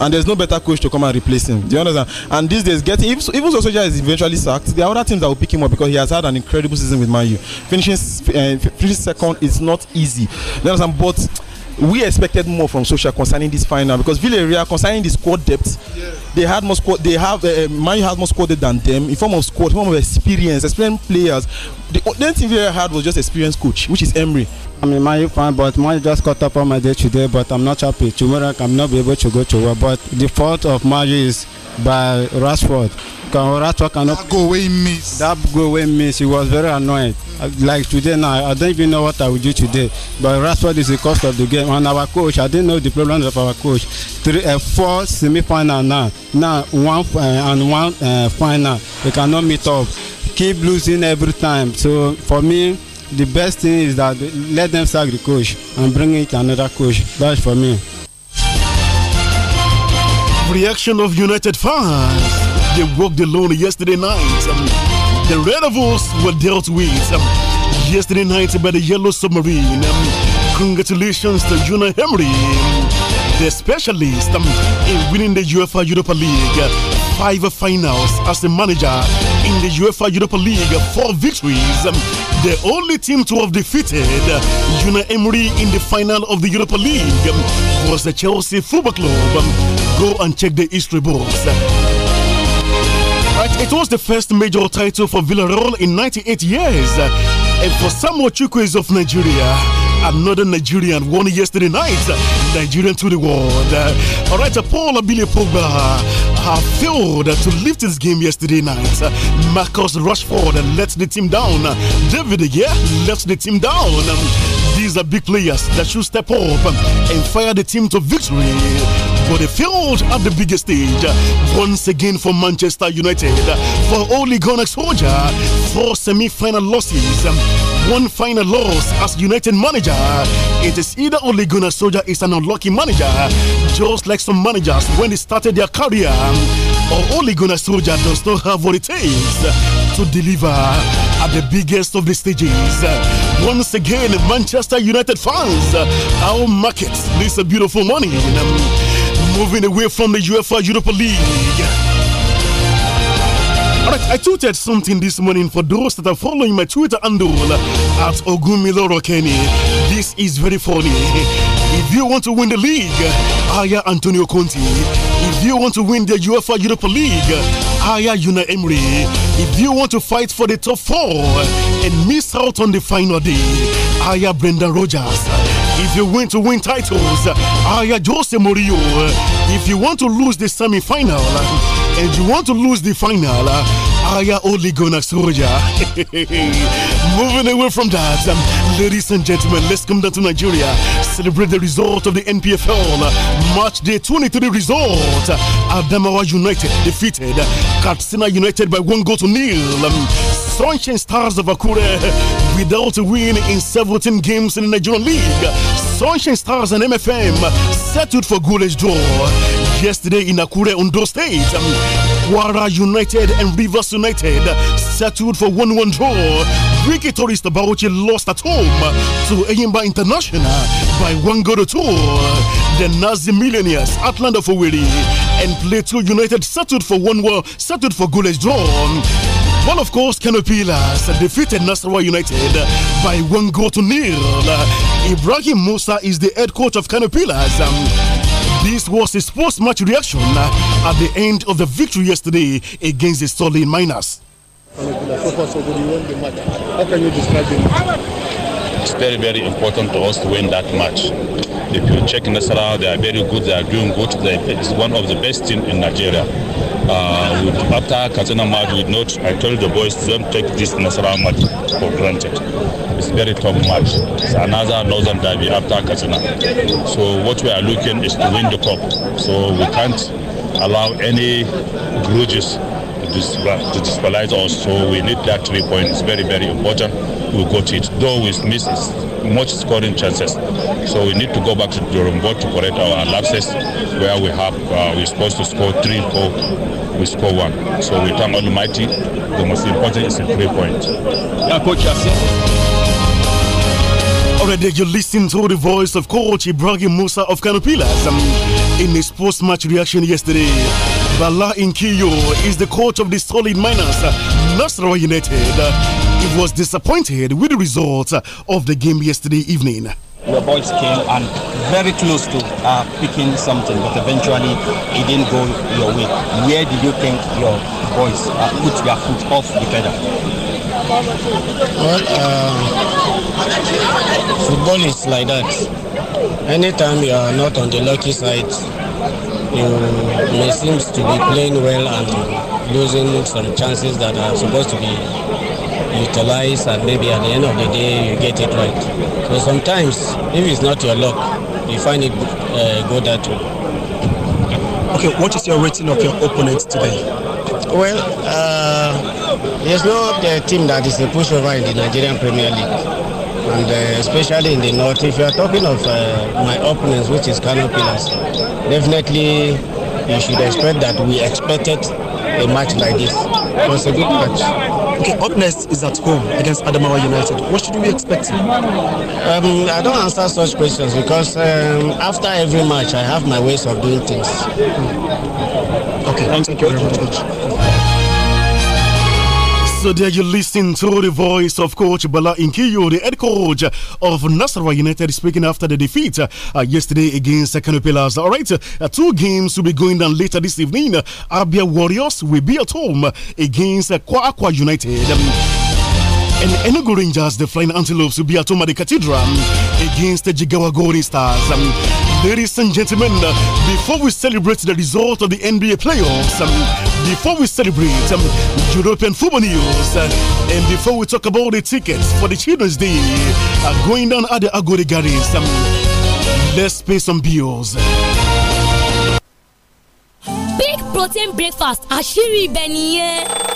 and there's no better coach to come and replace him. Do you understand? And these days, getting if, even Sosoja is eventually sacked, there are other teams that will pick him up because he has had an incredible season with Man U. Finishing, uh, finishing second is not easy. Do you understand? But we expected more from social concerning this final because Villarreal concerning the squad depth. Yeah they had more squad. They have uh, Man U had more squad than them in form of squad, in form of experience, experienced players. The only thing they had was just experienced coach, which is Emery. I'm a Man U fan, but Man U just cut up on my day today. But I'm not happy. Tomorrow I'm not be able to go to work. But the fault of Man is by Rashford. Can Rashford cannot that go away miss. That go away miss. He was very annoyed. Like today now, I don't even know what I will do today. But Rashford is the cost of the game. And our coach, I didn't know the problems of our coach. Three, uh, four semi-final now. now one uh, and one uh, final they cannot meet up keep losing every time so for me the best thing is that let them sack the coach and bring in another coach that's for me reaction of united fans they walked alone yesterday night um, the red devils were dealt with um, yesterday night by the yellow submarine um, congratulations to Juna Henry the specialist um, in winning the UEFA Europa League five finals as the manager in the UEFA Europa League four victories. Um, the only team to have defeated Una Emery in the final of the Europa League um, was the Chelsea Football Club. Um, go and check the history books. Right, it was the first major title for Villarreal in 98 years. And for some Chukwueze of Nigeria, Another Nigerian won yesterday night. Nigerian to the world. Uh, all right, uh, Paul Abile Pogba uh, failed to lift his game yesterday night. Marcus Rushford let the team down. David yeah, left the team down. Um, these are big players that should step up and fire the team to victory. But they failed at the biggest stage once again for Manchester United. For Ole Gunnar Soldier, four semi-final losses one final loss as United manager. It is either Ole Gunnar Solskjaer is an unlucky manager, just like some managers when they started their career, or Ole Gunnar Solskjaer does not have what it takes to deliver at the biggest of the stages. Once again, Manchester United fans, our markets, this beautiful morning, moving away from the UEFA Europa League. Alright, I tweeted something this morning for those that are following my Twitter handle at Ogumiloro Kenny. This is very funny. If you want to win the league, hire Antonio Conte. If you want to win the UEFA Europa League, hire Una Emery. If you want to fight for the top four and miss out on the final day, hire Brendan Rodgers. If you win to win titles, Iya Jose Morio. If you want to lose the semi final and you want to lose the final, Aya Oligonaxuroya. Moving away from that, um, ladies and gentlemen, let's come down to Nigeria. Celebrate the result of the NPFL match day 23 result. Adamawa United defeated Katsina United by one goal to nil. Um, Sunshine Stars of Akure without a win in 17 games in the Nigerian League. Sunshine Stars and MFM settled for goalless draw yesterday in Akure, Ondo State. Um, Wara United and Rivers United settled for 1 1 draw. Ricky Torres Tabaroche lost at home to Eyimba International by 1 goal to 2 the Nazi Millionaires, Atlanta Foweri, and Plateau United settled for one war, settled for goalless draw. Well, of course, Canopilas defeated Nasarawa United by one goal to nil. Ibrahim Musa is the head coach of Canopilas. This was his post match reaction uh, at the end of the victory yesterday against the Solid Miners. How can you describe It's very, very important to us to win that match. If you check Nasarawa, they are very good, they are doing good. It's one of the best teams in Nigeria uh, with, after Katsina match with not, I told the boys, don't take this national match for granted. It's very tough match. It's another Northern Derby after Katsina. So what we are looking is to win the cup. So we can't allow any grudges to disqualify us. So we need that three points. It's very, very important. We got it, though we missed much scoring chances. So we need to go back to the board to correct our lapses where we have uh, we're supposed to score three, four we score one. So we thank Almighty. The most important is a three point. Yeah, Coach, Already you listen to the voice of Coach Ibrahim Musa of Canopilas um, in his post-match reaction yesterday. Bala Inkiyo is the coach of the Solid Miners, uh, Nasrawa United. Uh, he was disappointed with the results uh, of the game yesterday evening your boys came and very close to uh, picking something, but eventually it didn't go your way. Where did you think your boys uh, put their foot off the pedal? Well, um, football is like that. Anytime you are not on the lucky side, you may seem to be playing well and losing some chances that are supposed to be utilize and maybe at the end of the day you get it right. So sometimes if it's not your luck, you find it uh, go that way. Okay, what is your rating of your opponents today? Well, uh, there's no other team that is a pushover in the Nigerian Premier League. And uh, especially in the north, if you are talking of uh, my opponents, which is Kano Pillars, definitely you should expect that we expected a match like this. It was a good match. Okay, up next is at home against Adamawa United. What should we expect? Um, I don't answer such questions because um, after every match, I have my ways of doing things. Okay, thank you very much. So there you listen to the voice of Coach Bala Inkiyo, the head coach of Nasarawa United, speaking after the defeat uh, yesterday against uh, Pillars. All right, uh, two games will be going down later this evening. Uh, Abia Warriors will be at home against uh, Kwakwa United. Um, and Enugu Rangers, the Flying Antelopes, will be at home at the Cathedral against the Jigawa Golden Stars. Um, ladies and gentlemen, before we celebrate the result of the NBA playoffs, um, before we celebrate um, European football news, uh, and before we talk about the tickets for the Children's Day uh, going down at the Agori Gardens, um, let's pay some bills. Big protein breakfast, Ashiri beniye. nìyẹn.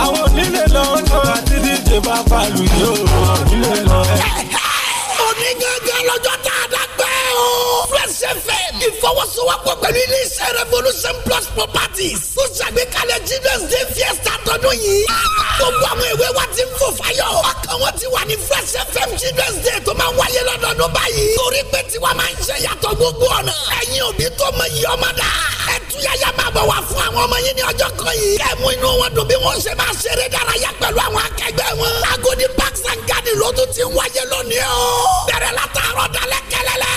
àwọn onílé lọ sọ àti díje bá balù yìí ó àwọn onílé lọ. onígangan lọ́jọ́ tá a dágbẹ́ o. fresh fm ìfọwọ́sowọ́pọ̀ pẹ̀lú iléeṣẹ́ revolution plus properties tó ṣàgbékalẹ̀ children's day fiesta tọdún yìí gbogbo àwọn ìwé wa ti ń fò fáyọ̀. ọkàn wọn ti wà ní fresh fm children's day tó máa ń wáyé lọ́dọọdún báyìí. torí pé tiwa máa ń ṣe yàtọ̀ gbogbo ọ̀nà. ẹ̀yin òbí tó mọ iye ọmọ dà. ẹ máa bọ̀ wá fún àwọn ọmọ yín ní ọjọ́ kan yìí. kẹ́mú inú wọn dùn bí wọ́n ṣe máa ṣeré dárayá pẹ̀lú àwọn akẹgbẹ́ wọn. Agodi parks and garden ló tún ti ń wáyé lónìí o. bẹ̀rẹ̀ látàárọ̀ dalẹ́ kẹlẹ́lẹ́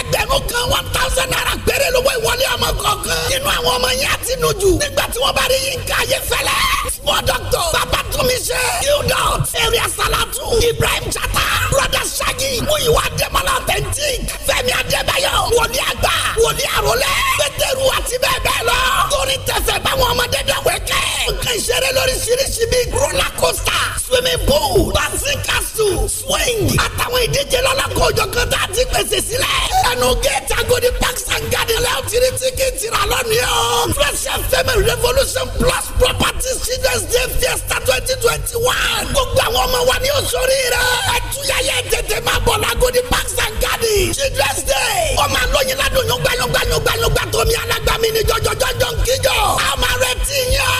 ẹgbẹ̀rún kan one thousand naira péré lówó ìwọlé ọmọ kọ̀ọ̀kan. inú àwọn ọmọ yẹn á ti jù. nígbà tí wọ́n bá rí yín ká yé fẹ́lẹ́. Mo Dr. Babatunmise. Udot. Area Salatu. Ibrahim Chata. Brother Shaggy. Muyiwa Demola Authentic. Fẹ́mi Adébáyọ̀. Wòlíì àgbà. Wòlíì àrólẹ̀. Pétérù àti bẹ́ẹ̀ bẹ́ẹ̀ lọ. Torí tẹ̀fẹ̀ báwọn ọmọdé dọ̀wẹ́ kẹ́. Nǹkan ìṣeré lóríṣiríṣi bíi roller coaster. Swimming pool. Bassin castle. Swing. Àtàwọn ìdíje Lola, kọjọ kan tá a ti pèsè sílẹ̀. Ẹnu géètì Agodi Parks and Garden lẹ́yìn tí ní tíkẹ́ẹ̀tì Fresh FM Revolution Plus Properties ṣíde Children's Day Fiesta twenty twenty one. gbogbo àwọn ọmọ wa ni yóò sórí rẹ̀. ẹtúyàyẹ tètè máa bọ̀ lágodi parks and gardens. Children's Day. ọmọ àlóyìn ládùn yóò gbàyàn gbàyàn gbàyàn gbà tómi alágbàmí ni jọjọjọjọ ń kíjọ. àmọ́ rẹ̀ ti yàn.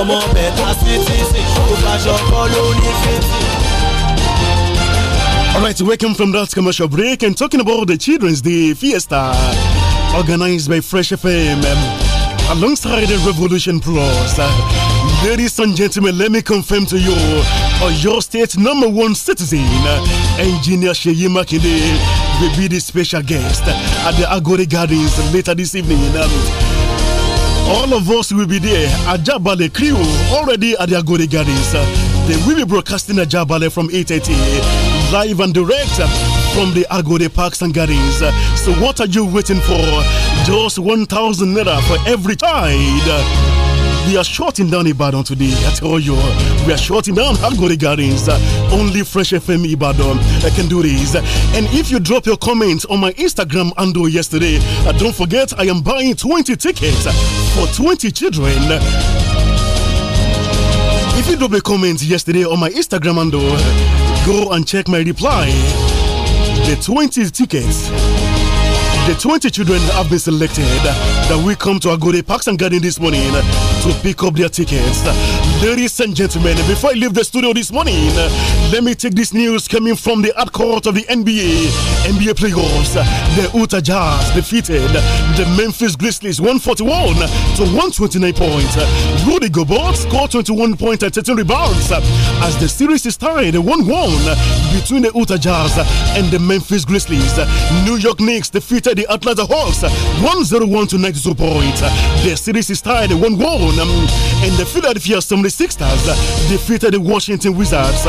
ọmọ bẹ̀ta sí ti sìn kó fàṣọ kọ́ ló ní fìtì. All right, welcome from that commercial break and talking about the Children's Day Fiesta organized by Fresh FM. alongside the Revolution Plus. Uh, ladies and gentlemen, let me confirm to you, uh, your state number one citizen, uh, Engineer Sheyi Makinde, will be the special guest at the Agori Gardens later this evening. Um, all of us will be there. Ajabale crew already at the Agori Gardens. Uh, they will be broadcasting Ajabale from 8.30 live and direct uh, from the Agori Parks and Gardens. Uh, so what are you waiting for? Just 1,000 naira for every child we are shutting down Ibadan today. I tell you, we are shutting down Agori Gardens. Only Fresh FM Ibadan that can do this. And if you drop your comment on my Instagram ando yesterday, uh, don't forget I am buying 20 tickets for 20 children. If you drop a comment yesterday on my Instagram ando, go and check my reply. The 20 tickets the 20 children have been selected that will come to Agode Parks and Garden this morning to pick up their tickets. Ladies and gentlemen, before I leave the studio this morning, let me take this news coming from the court of the NBA. NBA playoffs. The Utah Jazz defeated the Memphis Grizzlies 141 to 129 points. Rudy Gobert scored 21 points and 13 rebounds as the series is tied 1-1 between the Utah Jazz and the Memphis Grizzlies. New York Knicks defeated the Atlanta Hawks 101 to 92 points. The series is tied 1-1 and the Philadelphia 76ers defeated the Washington Wizards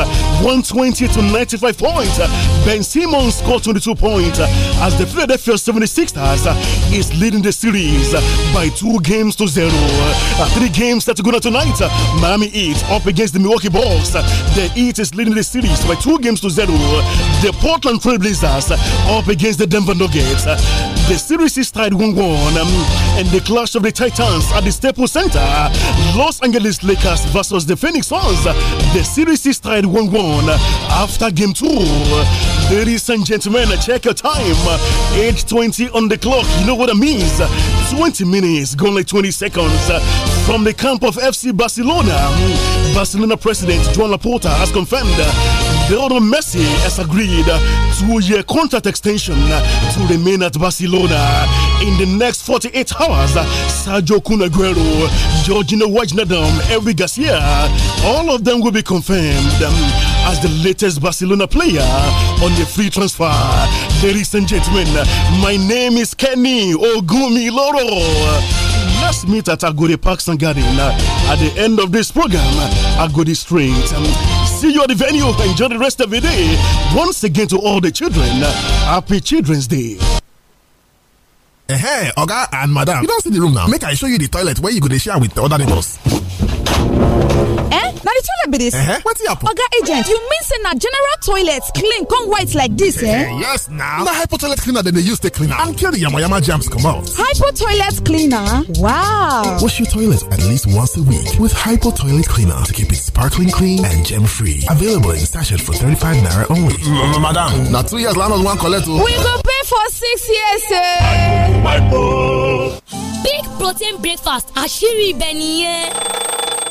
120 to 95 points. Ben Simmons scored 22 points as the Philadelphia 76ers is leading the series by two games to zero. Uh, three games that to going on tonight. Miami Heat up against the Milwaukee Bucks. The Heat is leading the series by two games to zero. The Portland Trail Blazers up against the Denver Nuggets. The series is tied 1 1 um, and the clash of the Titans at the Staples Center. Los Angeles Lakers versus the Phoenix Suns. The series is tied 1 1 after game two. Ladies and gentlemen, check your time. 8.20 on the clock. You know what it means? 20 minutes, gone like 20 seconds from the camp of FC Barcelona. Barcelona president Joan Laporta has confirmed the Lionel Messi has agreed to a contract extension to remain at Barcelona. In the next 48 hours, Sergio Cunaguero, Georgina Wajnadam, Eric Garcia, all of them will be confirmed as the latest Barcelona player on the free transfer. Ladies and gentlemen, my name is Kenny Ogumiloro let's meet at Agodi Parks and Garden at the end of this program, Agodi Street see you at the venue. Enjoy the rest of the day. Once again, to all the children, happy Children's Day. Hey, Oga and Madam, you don't see the room now. Make I show you the toilet where you could share with the other neighbors. Eh? na the toilet uh-huh. What's dis wetin happen. oga agent you mean say na general toilets clean come white like this, eh, eh yes na na hypo toilet cleaner dem dey use take clean am and kill the yamayama jams come out. hypo toilet cleaner wow wash your toilet at least once a week with hypo toilet cleaner to keep it sparkling clean and germ free available in sachet for 35 naira only madam now two years land wan one o oh. we go pay for six years eh big protein breakfast Ashiri ibẹ̀ nìyẹn.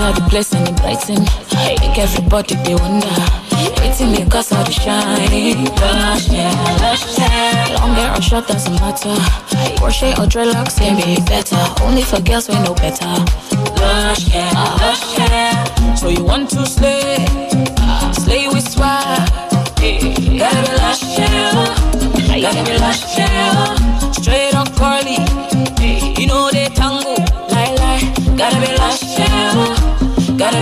enter the place and it brighten. Make everybody they wonder. in me cause all the shine. Lush, yeah, lush, yeah. Long hair or short doesn't matter. Crochet or dreadlocks can be better. Only for girls we know better. Lush, yeah, lush, yeah. So you want to slay? Slay with swag. Gotta be lush, yeah. Gotta be lush, yeah. Straight or curly. You know they tango. Lie, lie. Gotta be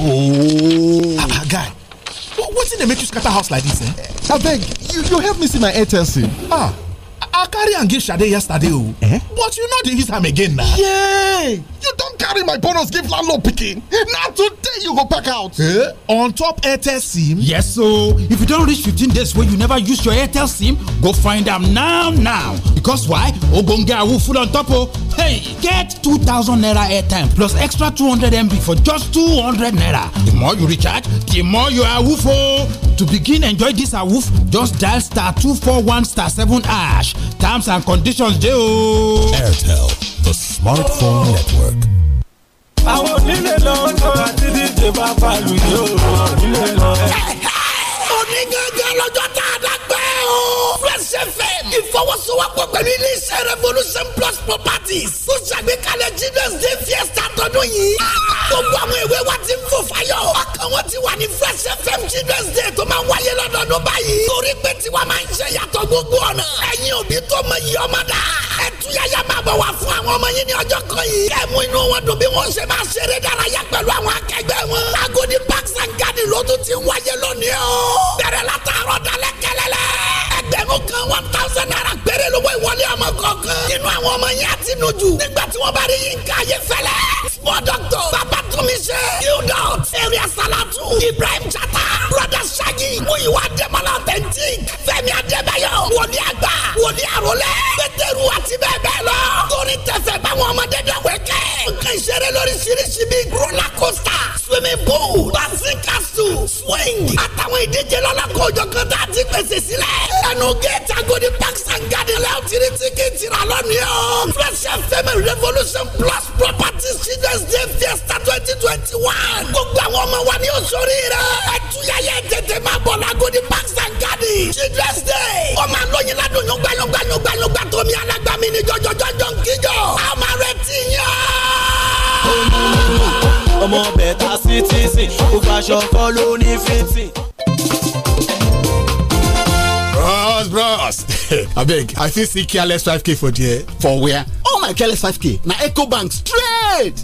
oh ah, ah, guy in the make you scatter house like this, eh? beg you you help me see my airtel ah i carry and give sade yesterday o oh. eh? but you no dey use am again na yay you don't carry my bonus give landlord picking. na today you go pack out eh on top airtel sim yes o if you don't reach 15 days where you never use your airtel sim go find them now now because why ogbonge awoof full on top oh. hey get 2000 naira airtime plus extra 200mb for just 200 naira the more you recharge the more you are woof, oh. to begin enjoy dis awoof just dial star 241 star 7 ash terms and conditions dé o. airtel the smartphone network. àwọn onílé lọ ń àti díje bá balùwẹ̀ o ìfọwọ́sowọ́pọ̀ pẹ̀lú iléeṣẹ́ revolution plus properties tó ṣàgbékalẹ̀ jesus day fiesta tọdún yìí. gbogbo àwọn ìwé wa ti ń fò fáyọ̀. ọkàn wọn ti wà ní fresh fm children's day tó máa ń wáyé lọ́dọọdún báyìí. torí pé tiwa máa ń ṣe yàtọ̀ gbogbo ọ̀nà. ẹ̀yin òbí tó mọ iye ọmọ dá. ẹ̀túyàyà máa bọ̀ wá fún àwọn ọmọ yín ní ọjọ́ kan yìí. ẹ mú inú wọn dùn bí wọ́n ṣe máa ṣeré dárayá pẹ̀lú àwọn akẹgbẹ́ wọn. Agodi parks and ló tún ti wáyé lónìí o. bẹ̀rẹ̀ látàárọ̀ dalẹ́ kẹlẹ́lẹ́ ẹgbẹ̀rún kan one thousand naira péré lówó ìwọlé ọmọ kọ̀ọ̀kan. inú àwọn ọmọ yẹn á ti nù jù nígbà tí wọ́n bá rí yín ká yé fẹ́lẹ́. Bọ́ dọ́kítọ̀ Babatunmise Gildot Area Salatu Ibrahim Chata Brother Shaggy Muyiwa Demola Authentic Fẹ́mi Adébáyọ̀ Wòlíì Àgbà Wòlíì Àrólé Pétérù àti bẹ́ẹ̀ bẹ́ẹ̀ lọ. Torí tẹ̀fẹ̀ báwọn ọmọdé dẹ̀wẹ̀ kẹ́. Nǹkan ìṣeré lórí ṣiríṣi bíi roller coaster swimming pool bouncy castle swing àtàwọn ìdíje lọ́lọ́kọ̀ òjò kan tá a ti pèsè sílẹ̀. Ẹnu géètì Agodi Parks and Garden lẹ́yìn tí ní tíkẹ́ẹ̀tì rà lónìí o. Fresh FM Revolution Plus Properties Children's Father's Day Fiesta twenty twenty one. Gbogbo àwọn ọmọ wa ni òṣèré rẹ̀. Ẹ̀túyẹyẹ tètè máa bọ̀ lágodi Parks and Garden. Children's Day. Ó máa lóyin ládùn yóngbà yóngbà yóngbà yóngbà tó mi alágbàmí ni jọjọjọjọ kíjọ. A máa retí yàn. Ọmọ bẹ̀ta sí tíìsì, gbogbo aṣọ kọ́ ló ní fíìsì bros bros abeg i fit see careless 5k for there for where all oh my careless 5k na ecobank straight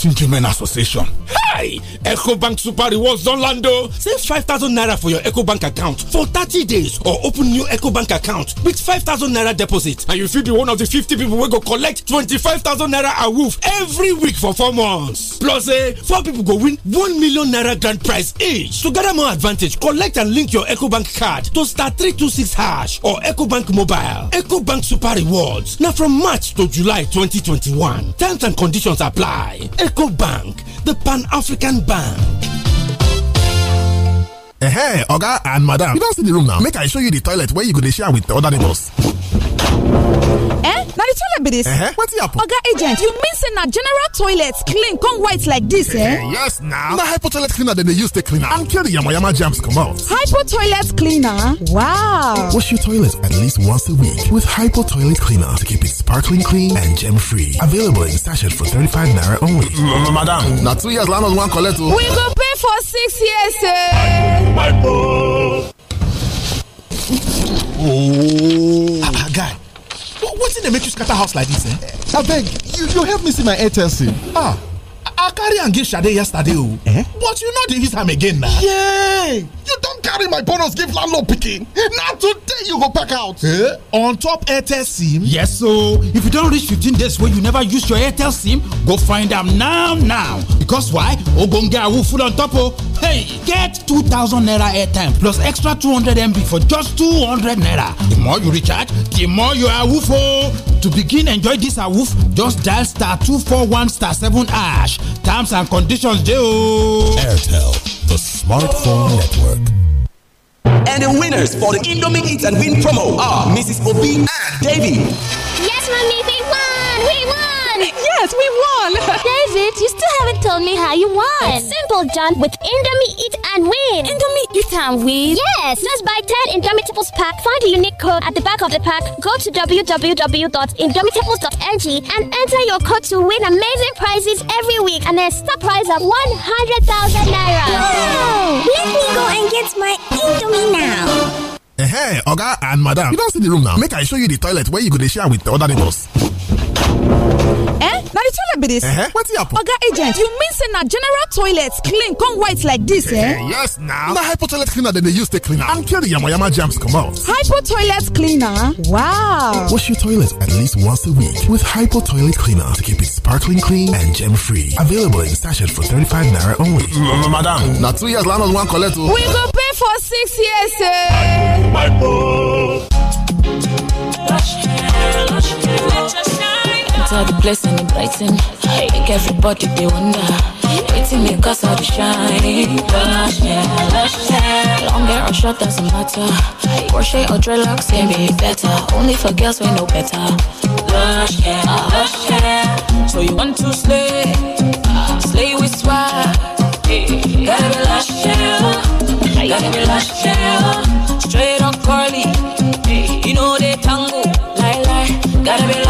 kindlemen association. Hey! ecobank super rewards don land save five thousand naira for your ecobank account for thirty days or open new ecobank account with five thousand naira deposit and you fit be one of the fifty people wey go collect twenty-five thousand naira awoof every week for four months. Plus eh, four people go win one million naira grand prize each. To gather more advantage, collect and link your ecobank card to start three two six hash or ecobank mobile. ecobank super rewards now from march to july 2021. terms and conditions apply. Eco Bank, the Pan African Bank. eh oga and madam you don't see the room now make i show you the toilet where you could share with the other neighbors eh na the toilet be dis eh wetin oga agent you mean say na general toilet clean come white like this, eh, eh? yes now. na hypo toilet cleaner dem they use take clean am and kill di yamayama come out. hypo toilet cleaner wow wash your toilet at least once a week with hypo toilet cleaner to keep it sparkling clean and gem free available in sachet for 35 naira only madam Now two years landlord wan one o oh. we go pay for six years eh hypo. Oh. guy wetin dey make you scatter house like dis eh? abeg you you help me see my airtel sim. ah i carry am give Sade yesterday o oh. eh? but you no dey use am again na. yay you don carry my bonus give landlord pikin na today you go pack out. Eh? on top airtel sim. yes so if you don reach fifteen days wey you never use your airtel sim go find am now now because why ogbonge awoof full on top o oh. Hey, get 2000 naira airtime plus extra 200 MB for just 200 naira. The more you recharge, the more you are woofo. To begin enjoy this woof. just dial star 241 star 7 ash. Terms and conditions dey Airtel, the smartphone network. And the winners for the Indomie Eat and Win promo are Mrs. Obi and Davy. Yes, mommy, we won! We won! yes, we won! David, you still haven't told me how you won. It's simple, John. With Indomie Eat and Win. Indomie Eat and Win? Yes! Just buy 10 Indomitables pack, find the unique code at the back of the pack, go to www.indomitables.ng and enter your code to win amazing prizes every week and a star prize of 100,000 Naira. Wow. Let me go and get my Indomie now. Hey, Oga and Madam, you don't see the room now. Make I show you the toilet where you could share with the other neighbors eh now the toilet be dis eh uh-huh. wetin happen. oga agent you mean say na general toilet clean come white like this, eh uh, yes na na hypo toilet cleaner dem dey use take clean am and kill the yamayama jams come out. hypo toilet cleaner wow wash your toilet at least once a week with hypo toilet cleaner to keep it sparkling clean and germ free available in sachet for 35 naira only madam now two years land on one o oh. we go pay for six years eh cause all the place and blessing. Make everybody they wonder. Waiting me cause all the shine. Lush, hair, lush, hair. Long hair or short doesn't matter. Crochet or dreadlocks can be better. Only for girls we know better. Lush, hair, lush, hair. So you want to slay? Slay with swag. Gotta be lush, hair. Gotta be lush, hair. Straight or curly. You know they tango. Lie, lie. Gotta be lush.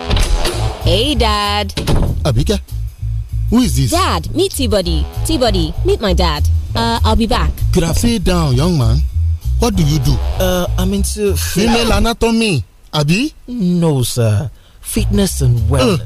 Hey, Dad. Abika, who is this? Dad, meet T-Body. T-Body, meet my dad. Uh, I'll be back. Could I sit down, young man? What do you do? Uh, I'm into... Female anatomy, Abi? No, sir. Fitness and uh, wellness. Uh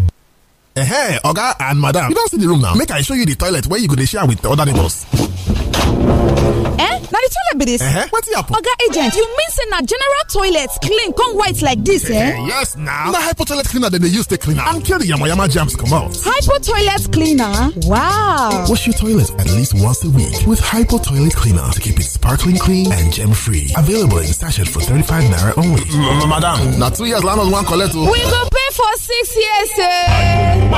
eh oga and madam you don see the room now make i show you the toilet wey you go dey share with other neighbors eh na di toilet be uh-huh. What's the apple? oga agent you mean say na general toilets clean come white like this, eh, eh? yes na na hypo toilet cleaner than they use to clean am and kill di yamayama come out. hypo toilet cleaner wow wash your toilet at least once a week with hypo toilet cleaner to keep it sparkling clean and germ free available in sachet for 35 naira only madam now two years land wan one o we go pay for six years eh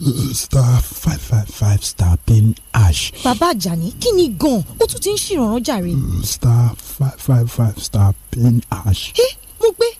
star five five five star pin ash. bàbá àjàní kí ni gan-an ó tún ti ń ṣèrànràn jàre. Mm, star five five five star pin ash. ẹ eh, mo gbé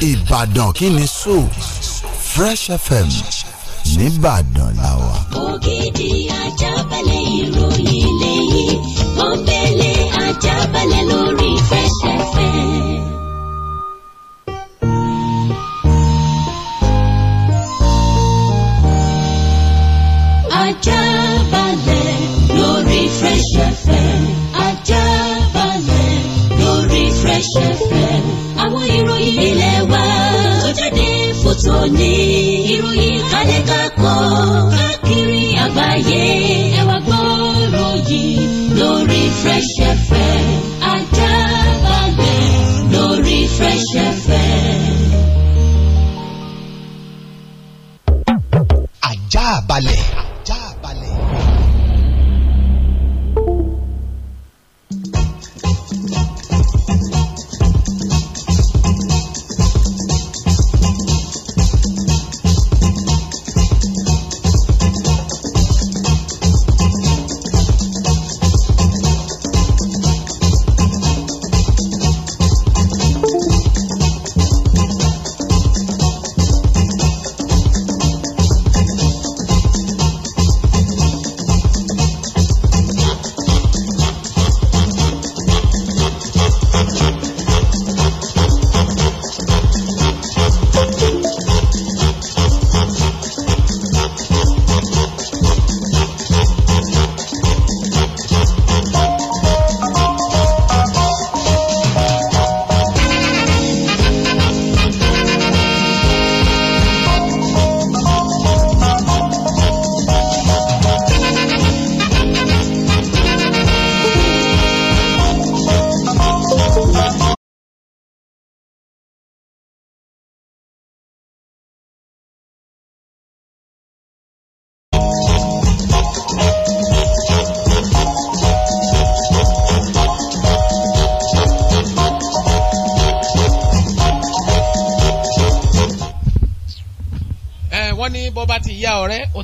Ìbàdàn kí ni so Fresh FM nìbàdàn la wà. ògidì ajábalẹ̀ ìròyìn lẹ́yìn pọ́npẹ́lẹ́ ajábalẹ̀ lórí Fresh FM. ajá. tòní. ìròyìn kálẹ̀ kakọ́ káàkiri àgbáyé ẹ wá gbọ́rọ̀ yìí lórí Fresh FM ajá balẹ̀ lórí Fresh FM. ajá balẹ̀.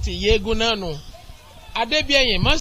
ti yéégún náà nù adébíyẹyìn mọ́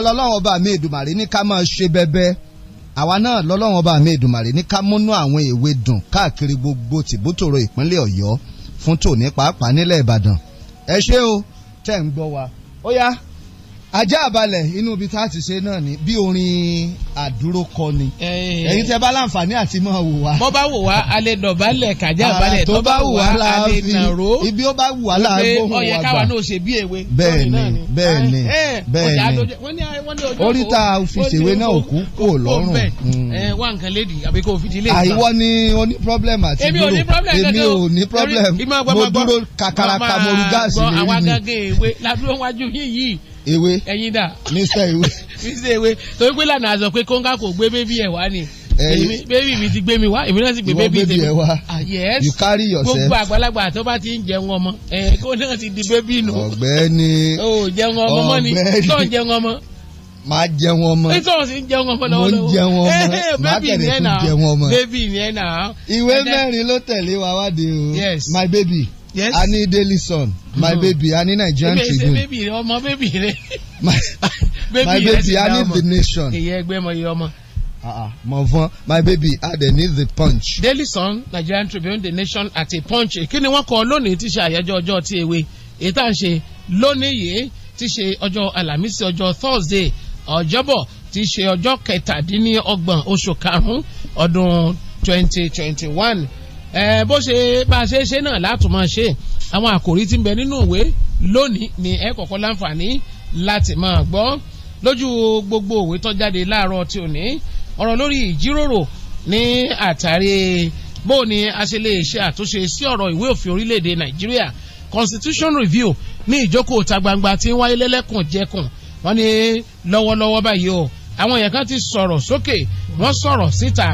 àwa lọ́lọ́run ọba mi Èdùmàrè ní ká máa ṣe bẹ́bẹ́ àwa náà lọ́lọ́run ọba mi Èdùmàrè ní ká múnú àwọn èwe dùn káàkiri gbogbo tìbútòrò ìpínlẹ̀ Ọ̀yọ́ fún tòní pàápàá nílẹ̀ Ìbàdàn ẹ ṣé o tẹ́ ń gbọ́ wa ó yá ajá balẹ̀ inú ibi tá a ti ṣe náà ni bí orin àdúró kọ ni ẹ̀yin tẹ́ bá láǹfààní àti mọ̀ wò wá. bọ́ bá wò wá a lè dọ̀bálẹ̀ kàjá balẹ̀ tó bá wò wá a lè nàró ibi ó bá wò wá la gbóhùn wa gbà. ọyẹ káwa náà ṣe bí ewé. bẹ́ẹ̀ni bẹ́ẹ̀ni bẹ́ẹ̀ni oríta òfìṣèwé náà ò kú kò lọ́rùn. Mm. wà nǹkan lédi àbí kò fi ti lé. àìwọ ni o ní problem àti dúró èmi ò ní problem mo dúró kàkàràkà mo rú gáàsì lórí mi ewé ẹyin dà mr ewé mr ewé torí pé lànà àzọ pé kóńgá kò gbé bébí ẹ̀ wá ni bébí mi ti gbé mi wá èmi náà sì gbé bébí tèmi ìwọ bébí ẹ wá ah, you carry yourself gbogbo àgbàlagbà tó bá ti ń jẹun ọmọ ẹ kó náà ti di bébí nù ọ̀gbẹ́ni o jẹun ọmọ mọ ni tó ń jẹun ọmọ máa jẹun ọmọ ẹ tó ń sì jẹun ọmọ lọ́wọ́lọ́wọ́ mo ń jẹun ọmọ máa kẹrẹ tó jẹun ọmọ eh, eh, bébí ni ẹ nà. ìwé mẹ́rin ló tẹ̀lé wa wá de o my baby yes. a ní daily sun my mm. baby a ní Nigerian Tribune. ebe ṣe baby rẹ baby rẹ. my baby a ní the nation. ìyẹn ẹgbẹ́ mọ iye ọmọ. Ah, ah, mọ̀ fún my baby a dẹ̀ ní the punch. daily sun Nigerian Tribune the nation àti punch kí ni wọ́n kọ lónìí tí ṣe àyájọ́ ọjọ́ ti ewé èyí tá à ń ṣe lónìí yìí ti ṣe ọjọ́ alámísì ọjọ́ thursday ọjọ́bọ̀ ti ṣe ọjọ́ kẹtàdínlọ́gbọ̀n oṣù karùn-ún ọdún twenty twenty one ẹ bó ṣe bá a ṣe ṣe náà látún máa ṣe àwọn àkòrí tí ń bẹ nínú ìwé lónìí ni ẹ kọ́kọ́ láǹfààní láti máa gbọ́ lójú gbogbo ìwé tó jáde láàárọ̀ tí ò ní ọ̀rọ̀ lórí ìjíròrò ní àtàrí bó ni a ṣe lè ṣe àtúnṣe sí ọ̀rọ̀ ìwé òfin orílẹ̀-èdè Nàìjíríà constitution review ní ìjókòó ta gbangba tí ń wáyé lẹ́lẹ́kùn jẹkùn wọ́n ní lọ́wọ́lọ́wọ́ báyìí o àwọn èèyàn kan ti sọ̀rọ̀ sókè wọ́n sọ̀rọ̀ síta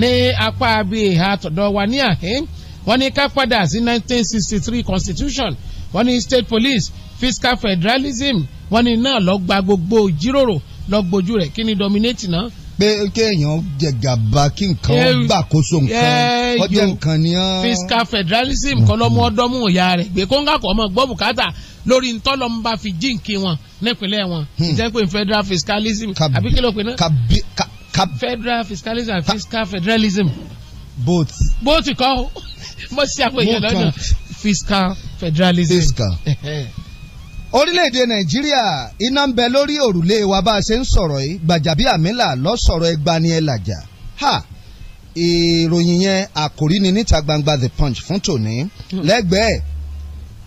ní apá bí ìhà àtọ̀dọ̀ wa ní àhín wọ́n ní ká padà sí 1963 constitution wọ́n ní state police fiscal federalism wọ́n ní náà lọ gba gbogbo ìjíròrò lọ gbójú rẹ̀ kí ni dominate náà pé kéèyàn jẹgàba kí nǹkan gbàkóso nǹkan ọjọ́ nǹkan ni fiscal federalism kọ́ lọ́mú mm-hmm. ọdọ́mú ìyá rẹ̀ gbé kóńgà kọ́ ọmọ gbọ́ bùkátà lórí ntọ́lọ́mùbá jíǹkì wọn nípínlẹ̀ wọn. ìjẹ́ hmm. federal fiscalism àbí cap. federal fiscalism and fiscal federalism. both. both kọ́ mo ṣe àpèyàn lọ́nà fiscal federalism. fiscal. orílẹ̀-èdè nàìjíríà iná ń bẹ lórí òrùlé wa bá a ṣe ń sọ̀rọ̀ yìí Gbajabiamila lọ sọ̀rọ̀ ẹgbani ẹlàjà ha ìròyìn yẹn àkòrí ni níta gbangba the punch fún tòní lẹ́gbẹ̀ẹ́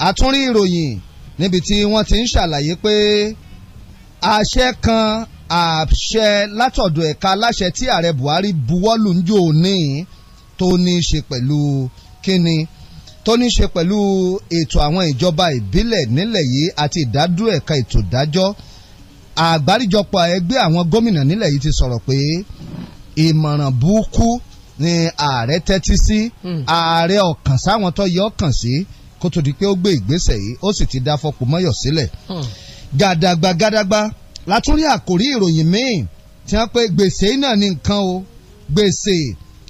àtúnrí ìròyìn níbi tí wọ́n ti ń ṣàlàyé pé àṣẹ kan àṣẹ látọ̀dọ̀ ẹ̀ka aláṣẹ tí ààrẹ Buhari buwọ́lù ń jò ní tó ní í ṣe pẹ̀lú kíni tó ní í ṣe pẹ̀lú ètò àwọn ìjọba ìbílẹ̀ nílẹ̀ yìí àti ìdádúró ẹ̀ka ètò ìdájọ́ àgbáríjọpọ̀ ẹgbẹ́ àwọn gómìnà nílẹ̀ yìí ti sọ̀rọ̀ pé ìmọ̀ràn burúkú ni ààrẹ tẹ́tí sí hmm. ààrẹ ọ̀kàn sáwọn tó yọ ọ̀kàn sí kó tó di pé ó gbé ìgbésẹ̀ yìí ó sì ti dá Fọkùnmọ́yọ̀ sílẹ̀ hmm. gàdàgbà gàdàgbà látúrí àkórí ìròyìn míì tí wọ́n pe gbèsè náà ní nǹkan o gbèsè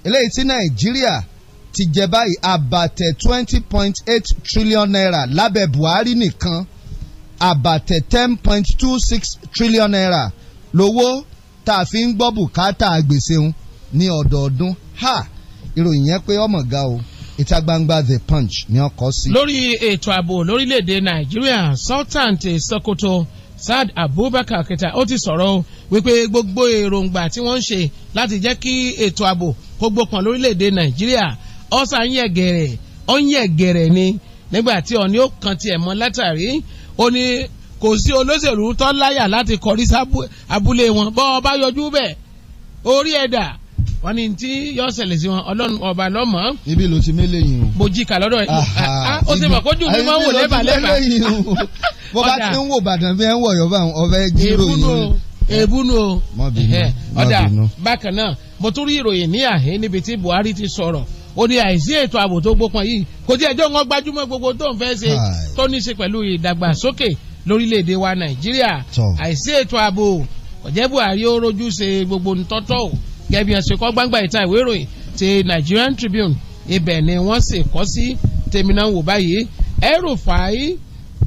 eléyìí tí nàìjíríà ti jẹ báyìí àbàtẹ̀ twenty point eight trillion naira lábẹ́ buhari nìkan àbàtẹ̀ ten point two six trillion naira lówó tá a fi ń gbọ́ bùkátà gbèsè ń ní ọdọọdún ha ìròyìn yẹn pé ọmọ ga o ìta gbangba the punch ni wọ́n kọ sí. lórí ètò ààbò lórílẹ̀‐èdè nàìjíríà sultan ti sokoto. Saad Abubakar kẹta ó ti sọ̀rọ̀ o wípé gbogbo èròǹgbà tí wọ́n ń ṣe láti jẹ́ kí ètò ààbò kó gbópọn lórílẹ̀‐èdè Nàìjíríà ọ̀sà ń yẹ̀ gẹ̀rẹ̀ ó ń yẹ̀ gẹ̀rẹ̀ ni nígbà tí ọ̀ní ó kan tiẹ̀ mọ́ látàrí ó ní kò sí olóṣèlú tó láyà láti kọrí sábúlé wọn bọ́ ọ bá yọjú bẹ́ẹ̀ orí ẹ̀dà wọ́n ní tí yóò ṣẹlẹ̀ sí wọn ọlọ́run ọba lọ́mọ. ibi ló ti mélé yìí o. mo jí kà lọ́dọ̀ yìí ah, ah, ó ti mọ̀ kójú mi máa ń wò lẹ́bàá lẹ́bàá. bó bá ti ń wò bàdàn bí ẹ ń wọ̀ yọ̀ bá ọbẹ̀ jírò yìí. èbúnú o ọ̀dà bákan náà mo tún rí ìròyìn ní àhẹ́ níbi tí Buhari ti sọ̀rọ̀ ó ní àìsí ètò ààbò tó gbópọn yìí kò tí ẹjọ́ wọn gbajúmọ̀ gbogbo tó ń fẹ́ ṣe tó ní ṣe pẹ̀lú ìdàgbàsókè lórílẹ̀‐èdè wa Nàìjíríà àìsí ètò ààbò kò Buhari ó rojú ṣe gbogbo ntọ́tọ́ o gẹ́bí ẹ̀ ṣe kọ́ gbangba ìta ìwé ìròyìn ti Nigerian Tribune ibẹ̀ ni wọ́n sì kọ́ sí tèmi náà wò báyìí El-Rufai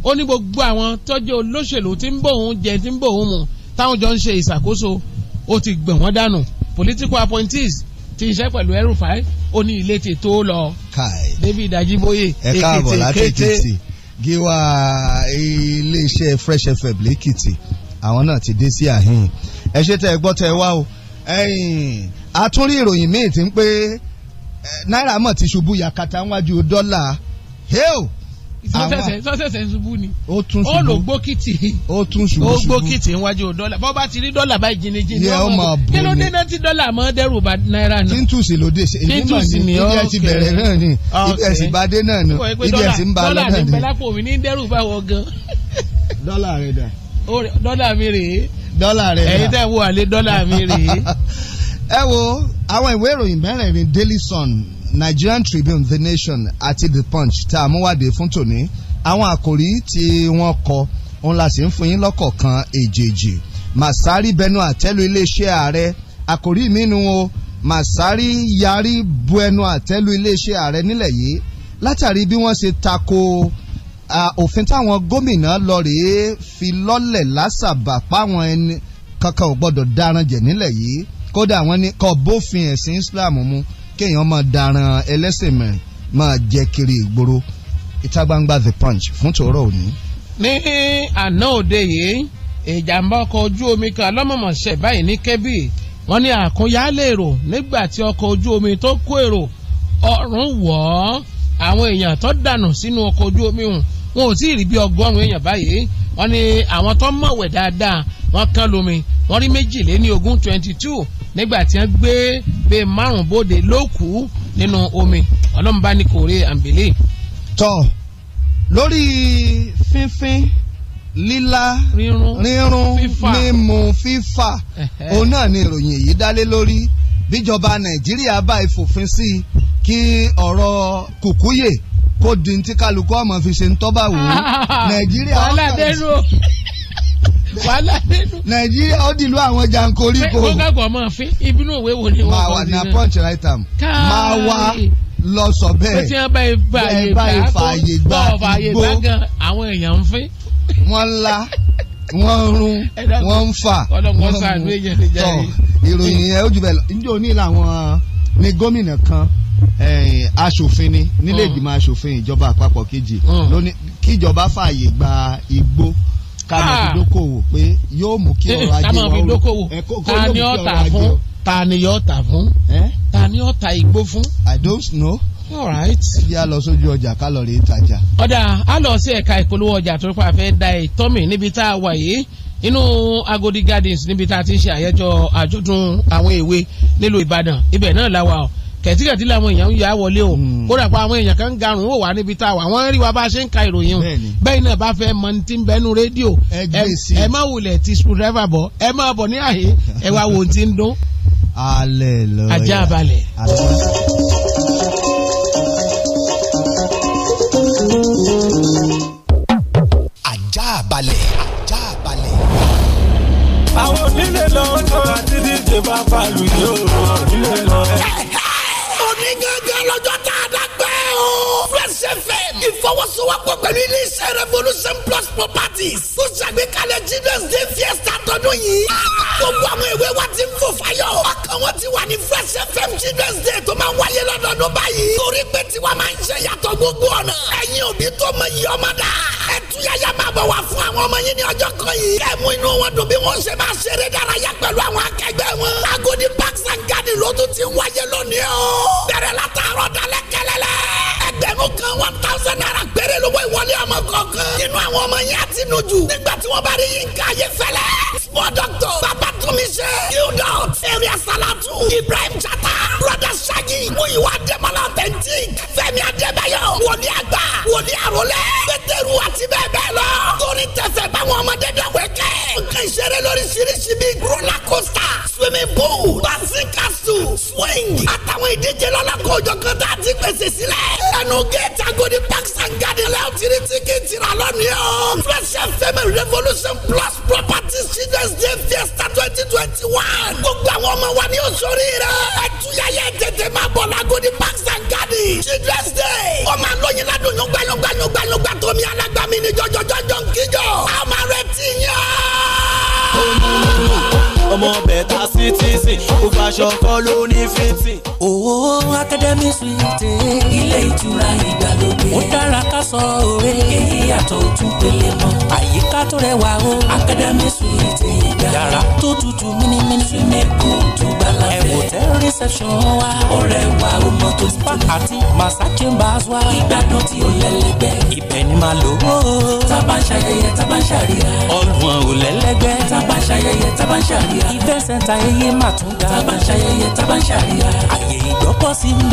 ó ní gbogbo àwọn tọ́jú olóṣèlú tí ń bò òun jẹ tí ń bò òun mu táwọn jọ ń ṣe ìṣàkóso ó ti gbẹ̀ wọ́n dànù political appointees ti iṣẹ́ pẹ̀lú El-Rufai ó ní ilé ti tó lọ David Ajiboye Èkìtì kété gíwá iléeṣẹ́ Fresh FM lẹ́kìtì àwọn náà ti dé sí àhín ẹ ṣe tẹ́ ẹ gbọ́ tẹ́ ẹ wá o àtúnrí ìròyìn míì ti ń pé náírà mọ̀ ti ṣubú yakata níwájú dọ́là hell sọ́sẹ̀sẹ̀ ṣubú ni ó tún ṣubú ó lò gbókìtì ó tún ṣubú ó gbókìtì níwájú dọ́là bọ́ bá ti rí dọ́là báyìí jìnnìjìnnì yẹ ó máa bò ní kí ló dé náà tí dọ́là mọ́ dẹ́rù bá náírà náà tíntùsì ló dé tíntùsì ni ó kẹ́ ibi ẹ̀sì bẹ̀rẹ̀ náà ni ibi ẹ̀sì bá dé náà ni ibi ẹ̀sì ń ba lọ náà ni dọ́là ní pẹ̀lápò mi ní dẹ́rù bá wọ gan. dọ́là rẹ̀ dà. dọ́là mi rèé dọ́là rẹ̀ rà ẹ̀yin tẹ́ wo àlé dọ́là mi rèé. ẹ wo àwọn ìwé ìròyìn mẹ́rẹ̀ẹ̀rin Daily Sun Nigerian Tribune The Nation àti The Punch tá a mú wáde fún tòní àwọn àkòrí tí wọ́n kọ òun la sì ń fún yín lọ́kọ̀ọ̀kan èjèèjì Masari bẹnu àtẹ́lu iléeṣẹ́ ààrẹ àkòrí mínú o Masari yarí bu ẹnu àtẹ́lu iléeṣẹ́ ààrẹ nílẹ̀ yìí látàrí bí wọ́n ṣe tako òfin táwọn gómìnà lọ rèé fi lọ́lẹ̀ lásàbà páwọn ẹni kankan ò gbọ́dọ̀ daran jẹ̀ nílẹ̀ yìí kódà wọ́n ní kọ́ bófin ẹ̀sìn Islam mu kéèyàn máa daran ẹlẹ́sìn mẹ́rin máa jẹ́ kiri ìgboro ìta gbangba The Punch fún tòró òní. ní àná òde yìí ìjàmbá ọkọ̀ ojú omi kan lọ́mọ̀mọ̀ṣẹ̀ báyìí ní Kẹ́bì wọ́n ní àkúnyálé èrò nígbà tí ọkọ̀ ojú omi tó kó èrò ọ̀rùn wọ̀ ọ́ àwọn èèyàn tó dànù sínú ọkọ̀ ojú omi hùn wọn ò tí rí bí ọgọ́rùn èèyàn báyìí wọ́n ní àwọn tó mọ̀wẹ̀ dáadáa wọ́n kán lómi wọ́n rí méjìléní ogún twenty two nígbà tí wọ́n gbé bíi márùn bóde lóòkù nínú omi ọlọ́mùbá ní kòrè àǹbẹ̀lẹ̀. tọ lórí fínfín lílá rírun mímu fífà òun náà ni ìròyìn èyí dálé lórí bíjọba nàìjíríà bá ìfòfin sí i kí ọ̀rọ̀ kùkúyè kó di ní tí kálukú ọmọ fi ṣe ń tọ́ba wò ó nàìjíríà wàhálà dẹnu wàhálà dẹnu nàìjíríà ó dìlú àwọn jankoríko. ó gbàgbọ́ ọmọ fi ibinú òwe wo ni wọ́n kọ́ di náà. máa wà ní punch right am máa wá lọ sọ bẹ́ẹ̀ bẹ́ẹ̀ bá ìfààyè gbà igbó àwọn èèyàn ń fẹ́. wọ́n la wọ́n ń rún wọ́n ń fà wọ́n ń mú tọ́ ìròyìn yẹn ó jù bẹ́ẹ̀ lọ níjó ní làwọn ní gómìnà kan aṣòfin ni nílé hmm. ìgbìmọ̀ aṣòfin ìjọba àpapọ̀ kejì hmm. lónìí kíjọba fààyè gba igbó ká máa fi ah. dókòwò pé yóò mú kí eh, ọrọ̀ ajé wa ó kó ló mú kí ọrọ̀ ajé wa ó ta ni yóò tà fún ta ni yóò ta igbó fún. I don't know. all right. bí a lọ sójú ọjà ká lọ rí ìtajà. ọ̀dà a lọ sí ẹ̀ka ìpolówó ọjà torí pé a fẹ́ da ìtọ́mì níbi tá a wà yìí inú Agodi Gardens níbi tá a ti ń ṣe àyájọ́ àjọ̀dún àwọn èwe nílùú Ìbàdàn ibẹ̀ náà la wà o kẹ̀tíkẹ̀tí làwọn èèyàn ń yà wọlé o hmm. kódà pa àwọn èèyàn kan ń garùn ó wà níbi tá a wà wọ́n rí wa bá a ṣe ń ka ìròyìn o bẹ́ẹ̀ náà bá fẹ́ mọ ti ń bẹnu rédíò e ẹ má wulẹ̀ ti screwdriver bọ̀ ẹ má bọ̀ ní àyè ẹ wá wo ti ń dún Aleluya. Ajá balẹ̀. Ajá balẹ̀. Ajá balẹ̀. Àwọn onílé lọ́wọ́ tó àti díje bá balùwẹ̀ o. sowọ́pọ̀ pẹ̀lú iléeṣẹ́ revolution plus properties tó ṣàgbékalẹ̀ children's day fiesta tọdún yìí. gbogbo àwọn ìwé wa ti ń fò fáyọ̀. ọkàn wọn ti wà ní fresh fm children's day tó máa ń wáyé lọ́dọọdún báyìí. torí pé tiwa máa ń ṣe yàtọ̀ gbogbo ọ̀nà. ẹ̀yin òbí tó mọ iye ọmọ dá. ẹ máa bọ̀ wá fún àwọn ọmọ yín ní ọjọ́ kan yìí. kẹ́ mú inú wọn dùn bí wọ́n ṣe máa ṣeré dárayá pẹ̀lú àwọn akẹgbẹ́ wọn. Agodi parks ẹgbẹ̀rún kan one thousand naira péré lówó ìwọlé ọmọ kọ̀ọ̀kan. nínú àwọn ọmọ yẹn àti nojú. nígbà tí wọ́n bá rí yínká ayé fẹ́lẹ́. small doctor babatunmise gildot area salatu ibrahim chata brother shaggy muyiwa ademola authentic fẹ́mi adébáyọ wòlíì àgbà wòlíì àrólẹ pétérù àti bẹ́ẹ̀ bẹ́ẹ̀ lọ. torí tẹsẹ̀ báwọn ọmọdé dọ̀wẹ́ kẹ́. nǹkan ìṣeré lóríṣiríṣi bíi roller coaster swimming pool bassin castle swing àtàwọn ìdíje lọ́lọ́kọ̀ọ́jọ̀ kan tá a ti pèsè sílẹ̀. ẹnu géètì agodi parks and garden lẹ́yìn tí ní tíkẹ́ẹ̀tì rà lónìí o. fresh fm revolution plus properties children's day fiesta twenty twenty one. gbogbo àwọn ọmọ wa ni yóò sórí rẹ̀. ẹtúyẹyẹ tètè máa bọ̀ lágodi parks and garden children's day. ọmọ àlóyìn ládùn yóò gbàyàn gbàyàn gbàyàn gbà tómi alágbàmì ni jọjọjọjọ ń kíjọ. àmàrẹ ti yàn ọmọ bẹ̀ta citizen gbogbo aṣọ kọ́ ló ní fitting. owó academy suite ilé ìtura ìgbàlódé ó dára sọ òwe. èyí yàtọ̀ òtún pélé mọ́. àyíká tó rẹwà o. akadami suwite ìgbà. yàrá tó tutù mímímí. sinimu tó gbala fẹ́. ẹ̀wò tẹ́ rìsẹ̀pṣọ̀n wa. ọ̀rẹ́ wa o mọ tó ti spa àti massa chambers wa. ìgbádùn tí o lẹ́lẹ́gbẹ́. ibẹ̀ ni màá lò ó. tábà ọgbọ̀n ò lẹ́lẹ́gbẹ́. tábà ń ìfẹ́ sẹ́ńtà eyé mà tún ga. tábà ń àyè ìgbọ́kọ̀sí ń ń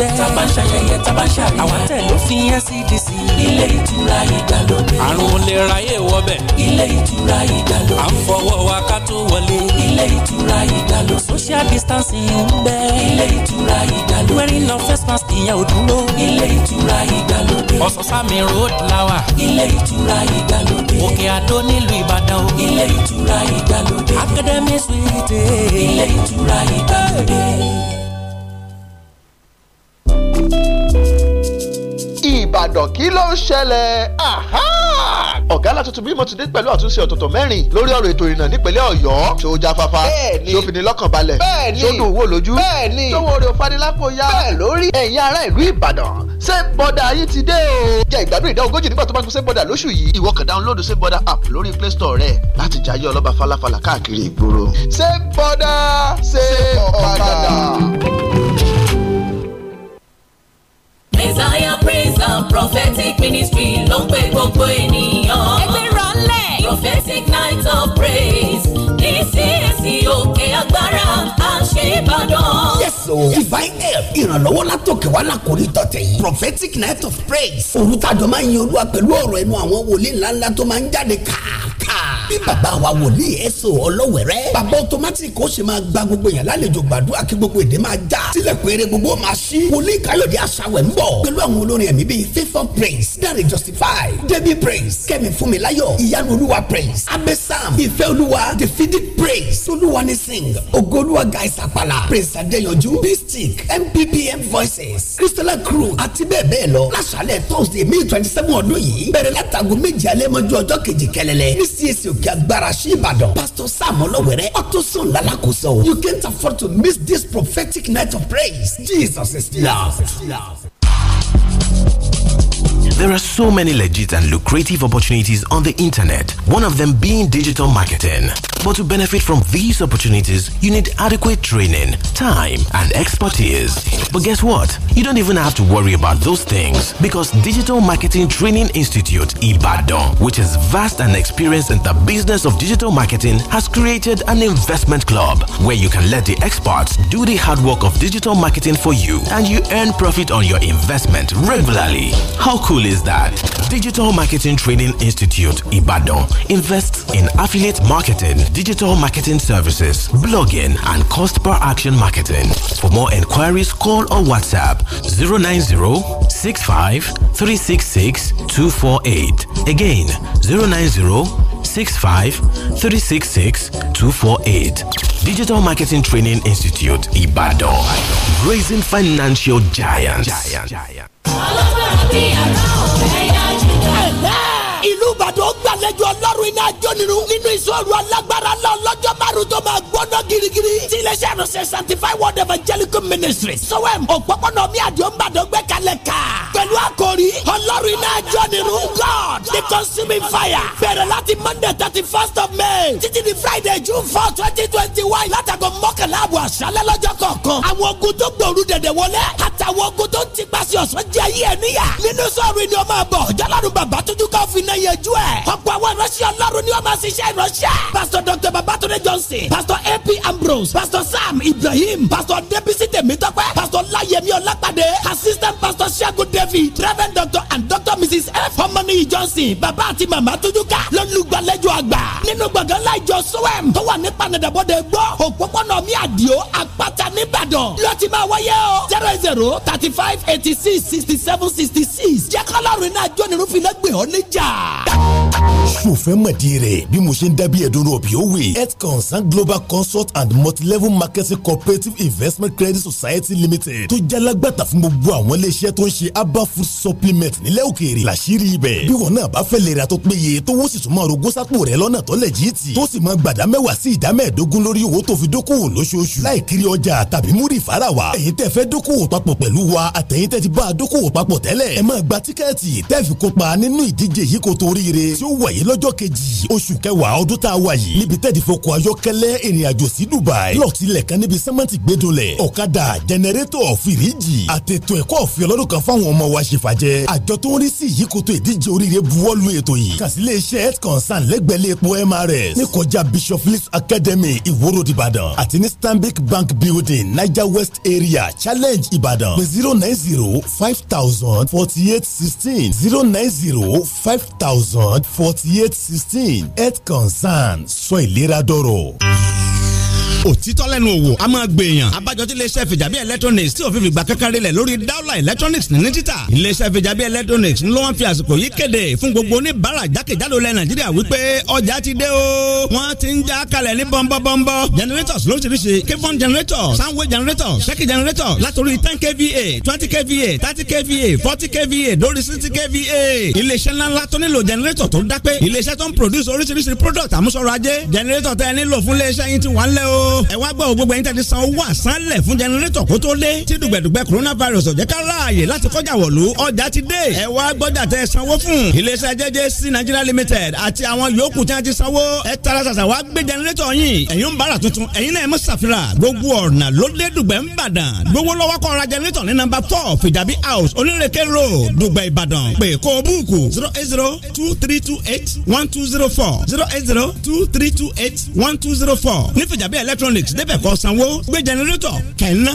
ṣayẹyẹ tábà ń àwọn tẹ̀ ló fi NCDC. ilé ilé ìtura ìgbàlódé. àrùn olè ráyè wọbẹ̀. ilé ìtura ìgbàlódé. à ń fọwọ́ wa ká tó wọlé. ilé ìtura ìgbàlódé. social distancing ń bẹ. ilé ìtura ìgbàlódé. wearing no face mask ìyẹn ò dúró. ilé ìtura ìgbàlódé. ọ̀sán-sámi road lawa. ilé ìtura ìgbàlódé. òkè àdó nílùú ìbàdàn o. ilé ìtura ìgbàlódé. academy suite. ilé ìtura ìgbàlódé. ìbàdàn kí ló ń ṣẹlẹ̀ ọ̀gá alátuntun bímọ ti dé pẹ̀lú àtúnṣe ọ̀tọ̀tọ̀ mẹ́rin lórí ọ̀rọ̀ ètò ìrìnnà nípínlẹ̀ ọ̀yọ́ ṣó jáfáfá ṣó fini lọ́kàn balẹ̀ ṣó dùn wò lójú ṣó wo orí òfanilápò ya bẹ́ẹ̀ lórí ẹ̀yin ará ìlú ìbàdàn ṣé bọ́dà yìí ti dé o. jẹ́ ìgbádùn ìdá ogójì nígbà tó bá ń gbé ṣé bọ́dà lóṣù yìí ìwọ kan dáńlódù ṣé bọ́dà app lórí play store rẹ láti jayé ọlọ́ba falafala káàkiri ìgboro. ṣé bọ́dà ṣé ọ̀kadà. Messiah and prophetic ministry ló ń pè gbogbo ènìyàn. ẹgbẹ́ rọlẹ̀. prophetic night of praise ní CAC òkè agbára àṣẹ Ìbàdàn so divine help ìrànlọ́wọ́ látòkè wá lákòrí tọ̀tẹ̀ yìí prophetic night of praise òru tàjọ máa ń yin olúwa pẹ̀lú ọ̀rọ̀ ẹnu àwọn wòlíì ńláńlá tó máa ń jáde káàká bí bàbá wa wòlíì ẹ̀sọ́ ọlọ́wẹ̀rẹ́ bàbá automatic ó ṣe máa gba gbogbo yẹn lálejò gbàdúrà kí gbogbo èdè máa já tilẹ̀kùn eré gbogbo máa ṣí wòlíì káyọ̀dé aṣáwẹ̀ ń bọ̀ pẹ̀lú àwọn olórin ẹ̀mí bíi faithful praise dare justify debi praise kẹ́mi fúnmiláyọ̀ ìyanu olúwa praise abesam ìfẹ́ olúwa defeated praise olúwa ni sing ògo olúwa guys àpàlà praise adéyanjú mb stick mppm voices crystal crew àti bẹ́ẹ̀ bẹ́ẹ̀ lọ lásàlẹ̀ thursday may twenty seven ọdún yìí bẹ̀rẹ̀ látago méje alẹ́ mọ́jú ọjọ́ kejì kẹlẹ́lẹ́ ní cac òkè agbára sí ìbàdàn pastor sam ọlọ́wẹ̀rẹ́ ọ̀túnṣàn lálàkóso you can't afford to miss this prophetic night of praise jesus is love. There are so many legit and lucrative opportunities on the internet, one of them being digital marketing. But to benefit from these opportunities, you need adequate training, time, and expertise. But guess what? You don't even have to worry about those things because Digital Marketing Training Institute Ibadan, which is vast and experienced in the business of digital marketing, has created an investment club where you can let the experts do the hard work of digital marketing for you and you earn profit on your investment regularly. How cool cool is that? Digital Marketing Training Institute Ibadan invests in affiliate marketing, digital marketing services, blogging, and cost per action marketing. For more inquiries, call or WhatsApp 090 65 366 248. Again, 090 65 366 248. Digital Marketing Training Institute Ibadan. Raising financial giants. giants. giants. ìlú bá ó gbàlejò ọlọ́run iná jó nínú nínú ìṣòro alágbára lọ lọ́jọ́ márùn tó máa gbọ́dọ̀ girigiri tí iléeṣẹ́ ìrọ̀ṣẹ́ sanctify world evangelical ministry sowem òpópónà mi àdìo ń bàdàn gbé kalẹ̀ ká pẹ̀lú àkòrí ọlọ́run iná jó nínú god the consuming fire bẹ̀rẹ̀ láti monday thirty first of may títí di friday june four twenty twenty one látàgọ mọ́kànlá àbọ̀ àṣálẹ́ lọ́jọ́ kọ̀ọ̀kan àwọn ogun tó gbòòrú dẹ̀dẹ̀ wọlé àtàwọn ogun tó ti pàṣẹ ọ̀sán jẹ́ ayé ẹ̀ níyà nínú sọ̀rọ̀ ni ọmọ àbọ̀ jálárù bàbá tuntun kan fi náà yẹjú ẹ̀ rẹ̀. ọ̀pọ̀ àwọn ìránṣẹ́ ọlọ́run ni ó máa ṣiṣẹ́ ìránṣẹ́. pásítọ̀ dr babatunde johnson pásítọ̀ ap ambrose Pastor sam ibrahim pásítọ̀ debisi tèmítọ́pẹ́ pásítọ̀ láyẹmí ọlápàdé assistant Pastor ṣẹ́gun david reverend doctor and doctor mrs f ọmọnìyí johnson bàbá àti màmá tujuka lọ́lùgbàlejò àgbà nínú gbọ̀ngàn láìjọ swem tó wà ní panadabọ́dẹ gbọ́ òpópónà mi àdìo àpáta nìbàdàn ló ti máa wáyé o zero zero thirty five eighty six sixty seven sixty six jẹ́ kọ́lọ́run náà jóni rúfin lẹ́gbẹ̀ẹ́ ọ́ níjà ṣó fẹ́ mọ̀dí rẹ̀ bí mo ṣe ń dábìí ẹ̀dùnrún ọ̀bì ó wè health consult global consult and Multi Level marketing cooperative investment credit society limited tó jalagbàtà fún gbogbo àwọn iléeṣẹ́ tó ń ṣe herbal food supplement nílẹ̀ òkèèrè làṣírí ibẹ̀ bí wọn náà bá fẹ́ lè ra tó péye tó wọ́n sì tún máa rogó sápò rẹ̀ lọ́nà tó lẹ̀ jí tì tó sì máa gbàdá mẹ́wàá sí ìdá mẹ́ẹ̀ẹ́dógún lórí owó tó fi dókòwò lóṣooṣù láìkiri ọjà tàbí múrì fara wa ẹ̀yin tẹ́ fẹ́ dókòwò papọ̀ tí ó wáyé lọ́jọ́ kejì oṣù kẹwàá ọdún tá a wà yìí níbi tẹ́ẹ̀dì fọkọ̀ ayọ́kẹ́lẹ́ ìrìnàjò sí Dubai lọ́ọ̀tì lẹ̀kan níbi sẹ́mẹ́ǹtì gbẹdọ̀lẹ̀ ọ̀kadà jẹnẹrétọ̀ fìríjì àtẹ̀tọ̀ ẹ̀kọ́ ọ̀fìn ọlọ́dún kan fáwọn ọmọ wa ṣèfàjẹ́ àjọ tó ń rí sí ìyíkoto ìdíje oríire buwọ́lu ètò yìí kàsílẹ̀ iṣẹ́ health concern Academy ìwòrò Ìbàdàn àti Bank Building Niger West Area Challenge Ìbàdàn zero nine zero five thousand forty eight sixteen zero nine zero five thousand forty eight sixteen health concern sọ ìlera dọ̀rọ̀ òtítọ́ lẹ́nu òwò a máa gbé èèyàn abájọ tí iléeṣẹ́ fìjàbí electronics tí òfin fìgbà kankan rí lẹ̀ lórí Daula electronics ní títà iléeṣẹ́ fìjàbí electronics ló wọ́n fi àsìkò yìí kéde fún gbogbo oníbàárà jákèjádò lẹ̀ Nàìjíríà wípé ọjà ti dé o wọ́n ti ń já kalẹ̀ ní bọ́ńbọ́ńbọ́ generators lóríṣiríṣi kevon generator soundwave generator seki generator látòrí ten kva twenty kva thirty kva forty kva lórí sixty kva iléeṣẹ́ ńláńlá tó nílò generator tó ń dápé iléeṣẹ́ tó ń produce oríṣiríṣi product àmúṣọrọ̀ ajé generator tẹ́ ẹ nílò fún iléeṣẹ́ yín ti wà ń lẹ́ o o. ẹ wá gbọ́ gbogbo ẹ̀yin tẹ́tí san owó àsánlẹ̀ fún jẹnẹrétọ̀ kó tó dé tí dùgbẹ̀dùgbẹ̀ coronavirus ọ̀jẹ̀ ká láàyè láti kọjá wọ̀lú ọjà ti dé. ẹ wá gbọ́dọ̀ tẹ sanwó fún. iléeṣẹ́ JJC Nigeria Limited àti àwọn yòókù tí wọ́n ti sanwó. ẹ tara ṣàṣà wá gbé jẹnẹrétọ̀ yín. ẹ̀yin ń bára tuntun ẹ̀yin náà ẹ mọ̀ ṣàfira. gbogbo ọ̀nà ló dé dùgbẹ̀ ń bàdàn. gbogbo lọ́wọ́ kọ́ ra jẹnẹrétọ̀ ní nọ́mbà four Fìjàbí house Onírèké road dùgbẹ̀ Ìbàdàn. pè kó o búùkù zero eight zero two three two eight one two zero four zero eight zero two three two eight one two zero four ní Fìjàbí elect electronics débẹ̀ kọ́ sanwó gbé jẹnẹrétọ̀ kẹ̀ ń ná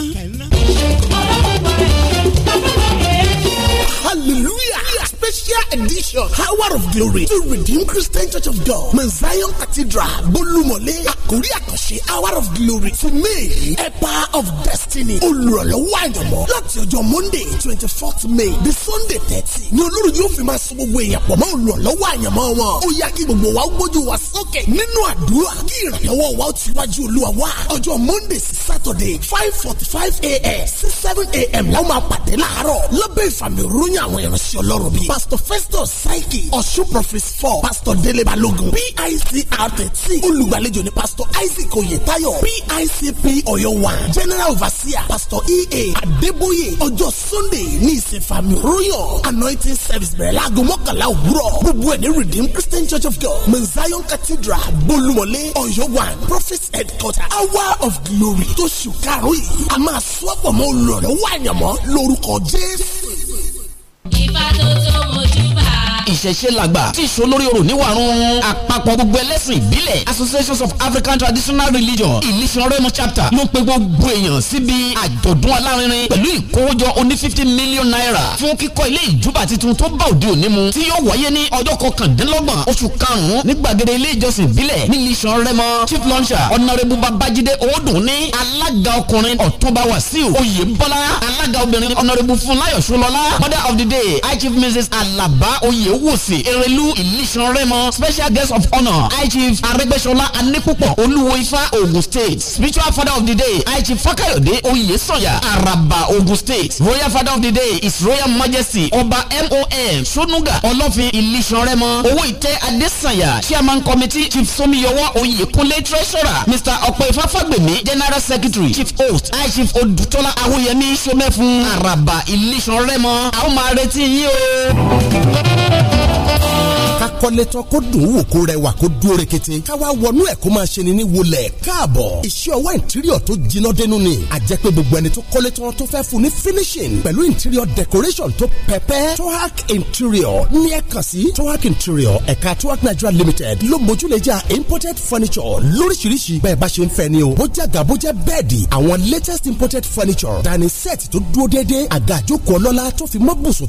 hallelujah special edition hour of glory to redeem christian church of god mount zion cathedral bolumole àkórí àkànṣe hour of glory fún may epa of destiny olùrànlọ́wọ́ àyànmọ́ láti ọjọ́ monday twenty fourth may the sunday thirty ni olórí yóò fi máa sọ gbogbo èèyàn pọ̀ mọ́ olùrànlọ́wọ́ àyànmọ́ wọn ó yá kí gbogbo wa gbójú wa sókè nínú àdúrà kí ìrànlọ́wọ́ wa ó ti wájú olúwa wa ọjọ́ monday sí saturday five forty five a.m. sí seven a.m. làwọn máa pàdé láàárọ̀ lábẹ́ ìfàmì òróyìn ní àwọn ìránṣẹ́ ọlọ́run bíi pastor festus saiki ọ̀ṣun Prophet four pastor dele balogun picr thirteen olùgbàlejò ni pastor isaac oyetayo picp ọ̀yọ́ One, general overseer pastor ea adeboye ọjọ́ sunday ní ìsìnfàmì royal anointing service bẹ̀rẹ̀ láago mọ́kànlá òwúrọ̀ gbogbo ẹ̀ ní redeemed christian church of god mount cathedral bolumole ọ̀yọ́ One, prophet's headquarter hour of glory tó ṣù karùn-ún yìí a máa sọ́pọ̀ mọ́ olùrànlọ́wọ́ àyànmọ́ lórúkọ jésù. Ifá tó tó mojú bá. Ìṣẹ̀ṣe làgbà tí ìṣó lórí orò níwàrún àpapọ̀ gbogbo ẹlẹ́sìn ìbílẹ̀ Associations of African Traditional Religion Ìlísàn Rẹ́mu chapter ló pe gbogbo èèyàn síbi àjọ̀dún alárinrin pẹ̀lú ìkówójọ oní fifty million naira fún kíkọ́ ilé ìjúbà tuntun tó bá òde òní mu tí yóò wáyé ní ọjọ́ kọkàndínlọ́gbọ̀n oṣù karùn-ún ní gbàgede ilé ìjọsìn ìbílẹ̀ ní Ìlísàn Rẹ́mu chief launcher Honourable Babajide Oodun ní alága ọkùnrin Ọ̀túnba Wàsíù Oyèbọ́lá alága obìnrin Honourable Fúnláyọ̀ Ṣọlọ́lá mother of the day day high chief mrs alaba oyewusi erelu ilésàn rẹ́mọ special guest of honour high chief Arigbesola anépúpọ̀ olúwo ifá ogun state spiritual father of the day high chief fakayode oyesanya araba ogun state royal father of the day is royal majesty Oba mon sonuga ọlọ́fin ilésàn rẹ́mọ owó ìtẹ́ adésanya chairman committee chief somiyowo oyekunle treasurer mr ọ̀pẹ̀ ìfáfàgbèmí general secretary chief host high chief odutola ahoyemi somefun araba ilésàn rẹ́mọ àwọn létí yín o kọ́lé tán kó dùn wò kó rẹwà kó dúró rekete ká wọnú ẹ̀ kó máa ṣe ni ní wọlé káàbọ̀ iṣẹ́ ọwọ́ interior tó jiná dénú ni àjẹpẹ́ gbogbo ẹni tó kọ́lé tó fẹ́ fún ní finishing pẹ̀lú interior decoration tó pẹ́pẹ́ tohac interior ní ẹ̀ kàn sí tohac interior ẹ̀ka tohac nigeria limited ló mójúlẹ̀jà imported furniture lóríṣiríṣi bẹ́ẹ̀ bá ṣe ń fẹ́ ni o bójá ga bójá bẹ́ẹ̀dì latest imported furniture dining set tó dúró déédéé àga àjókòó ọlọ́lá tó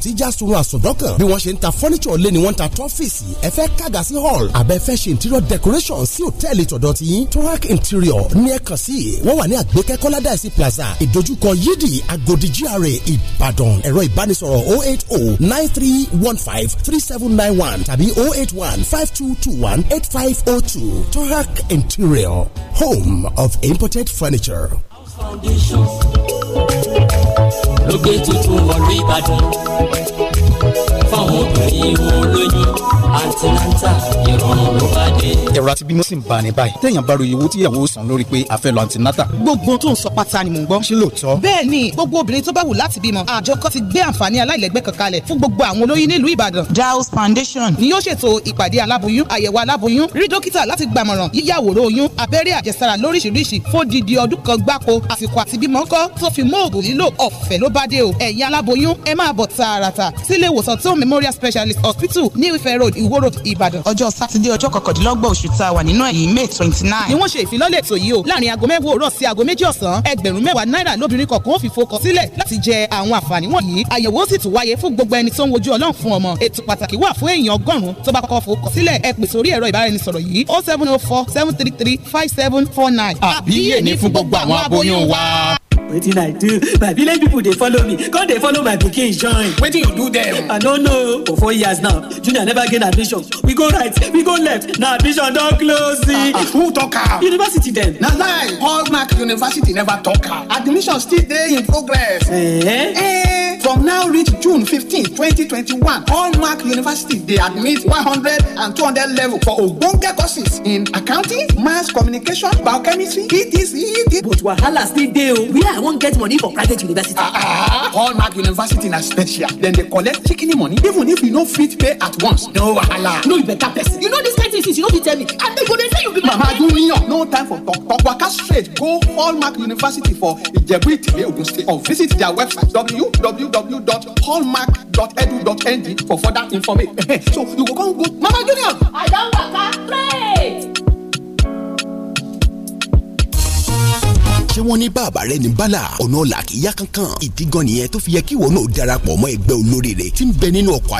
tí já sunun àsùndọ́kàn bí wọ́n ṣe ń ta fọ́níṣọ̀ lé ni wọ́n ń ta tọ́fíìsì ẹ fẹ́ kàgà sí hall àbẹ́ fẹ́ ṣe interior decoration sí hòtẹ́ẹ̀lì tọ̀dọ̀ ti yín torak interior ní ẹ kàn sí wọ́n wà ní àgbékẹ́ kọ́ládàísí plaza ìdojúkọ yídì agodi GRA ìbàdàn ẹ̀rọ ìbánisọ̀rọ̀ 08093153791 tàbí 08152218502 torak interior home of imported furniture. foundation ló gbé tuntun wọ̀lú Ìbàdàn ọmọbìnrin olóyún antinanta ìrọ̀rùn ló bá dé. ẹ̀rọ àti bímọ sì ń bani báyìí téèyàn bá ròyìn owó tíyàwó san lórí pé a fẹ́ lọ antinanta. gbogbo tó ń sọ pátá ni mò ń gbọ́. ṣé lóòótọ́. bẹ́ẹ̀ ni gbogbo obìnrin tó bá wù láti bímọ àjọ kan ti gbé àǹfààní aláìlẹ́gbẹ́ kan kalẹ̀ fún gbogbo àwọn olóyún nílùú ìbàdàn. daos foundation ni yóò ṣètò ìpàdé aláboyún àyẹ̀wò aláboyún rí dókítà láti gbàmọ̀ràn yíyàwòrán oyún abẹ́rẹ́ àjẹsára lóríṣiríṣi fódìdí ọdún kan gbáko àsìkò àti bímọ ńkọ́ tó fi mọ́ òògùn lílò ọ̀fẹ́ ló bá dé o ẹ̀yin aláboyún ẹ máa bọ̀ tààràtà sílé ìwòsàn tó mẹ́mọ́ Memorial Specialist Hospital ní Ife Road Iwo Road Ìbàdàn. Ọjọ́ Sátidé ọjọ́ kọkàndínlọ́gbọ̀n oṣù tá a wà nínú èyí May twenty nine. Ni wọ́n ṣe ìfilọ́lẹ̀ ètò yìí o láàrin aago mẹ́wàá òwúrọ̀ sí aago méjì ọ̀sán ẹgbẹ̀rún mẹ́wàá náírà lóbìnrin kọ̀ọ̀kan ó fi fokàn sílẹ̀ láti jẹ àwọn àǹfààní wọ̀nyí. Àyẹ̀wò sì tún wáyé fún gbogbo ẹni tó ń wojú Ọlọ́run fún ọmọ. Ètò pàtàkì wà fún èèyàn ọgọ́rùn-ún tó bá kọ́kọ́ fokàn sílẹ̀ ẹ pè o oh seven o oh four seven three three five seven four nine. Àbíyè ní fún gbogbo àwọn aboyún wa wetin i do my village people dey follow me come dey follow my pikin join. wetin you do dem. i no know for four years now junior never get admission we go right we go left na admission don close. Uh, uh, who talk am. university dem. na lie hallmark university never talk am admission still dey in progress. Eh? Eh, from now reach june fifteen twenty twenty one hallmark university dey admit one hundred and two hundred level for ogbonge courses in accounting mass communication biochemistry etc. E but wahala still dey o. are i won't get money for private university hallmark ah, ah, ah, university na special Then they collect chikini money even if you no fit pay at once no wahala no you better person you know this kind thing since you know you tell me and they go dey say you be Mama, do me up. no time for talk talk waka straight go hallmark university for ijebu itile ogun state or visit their website www.hallmark.edu.ng for further information so you go come go mama do me up. i don't waka straight. ṣé wọ́n ní bàbá rẹ ní bala ọ̀nà ọ̀la kìí yá kankan ìdí gan nìyẹn tó fi yẹ kí wọn náà darapọ̀ mọ́ ẹgbẹ́ olóríire tí ń bẹ nínú ọkọ̀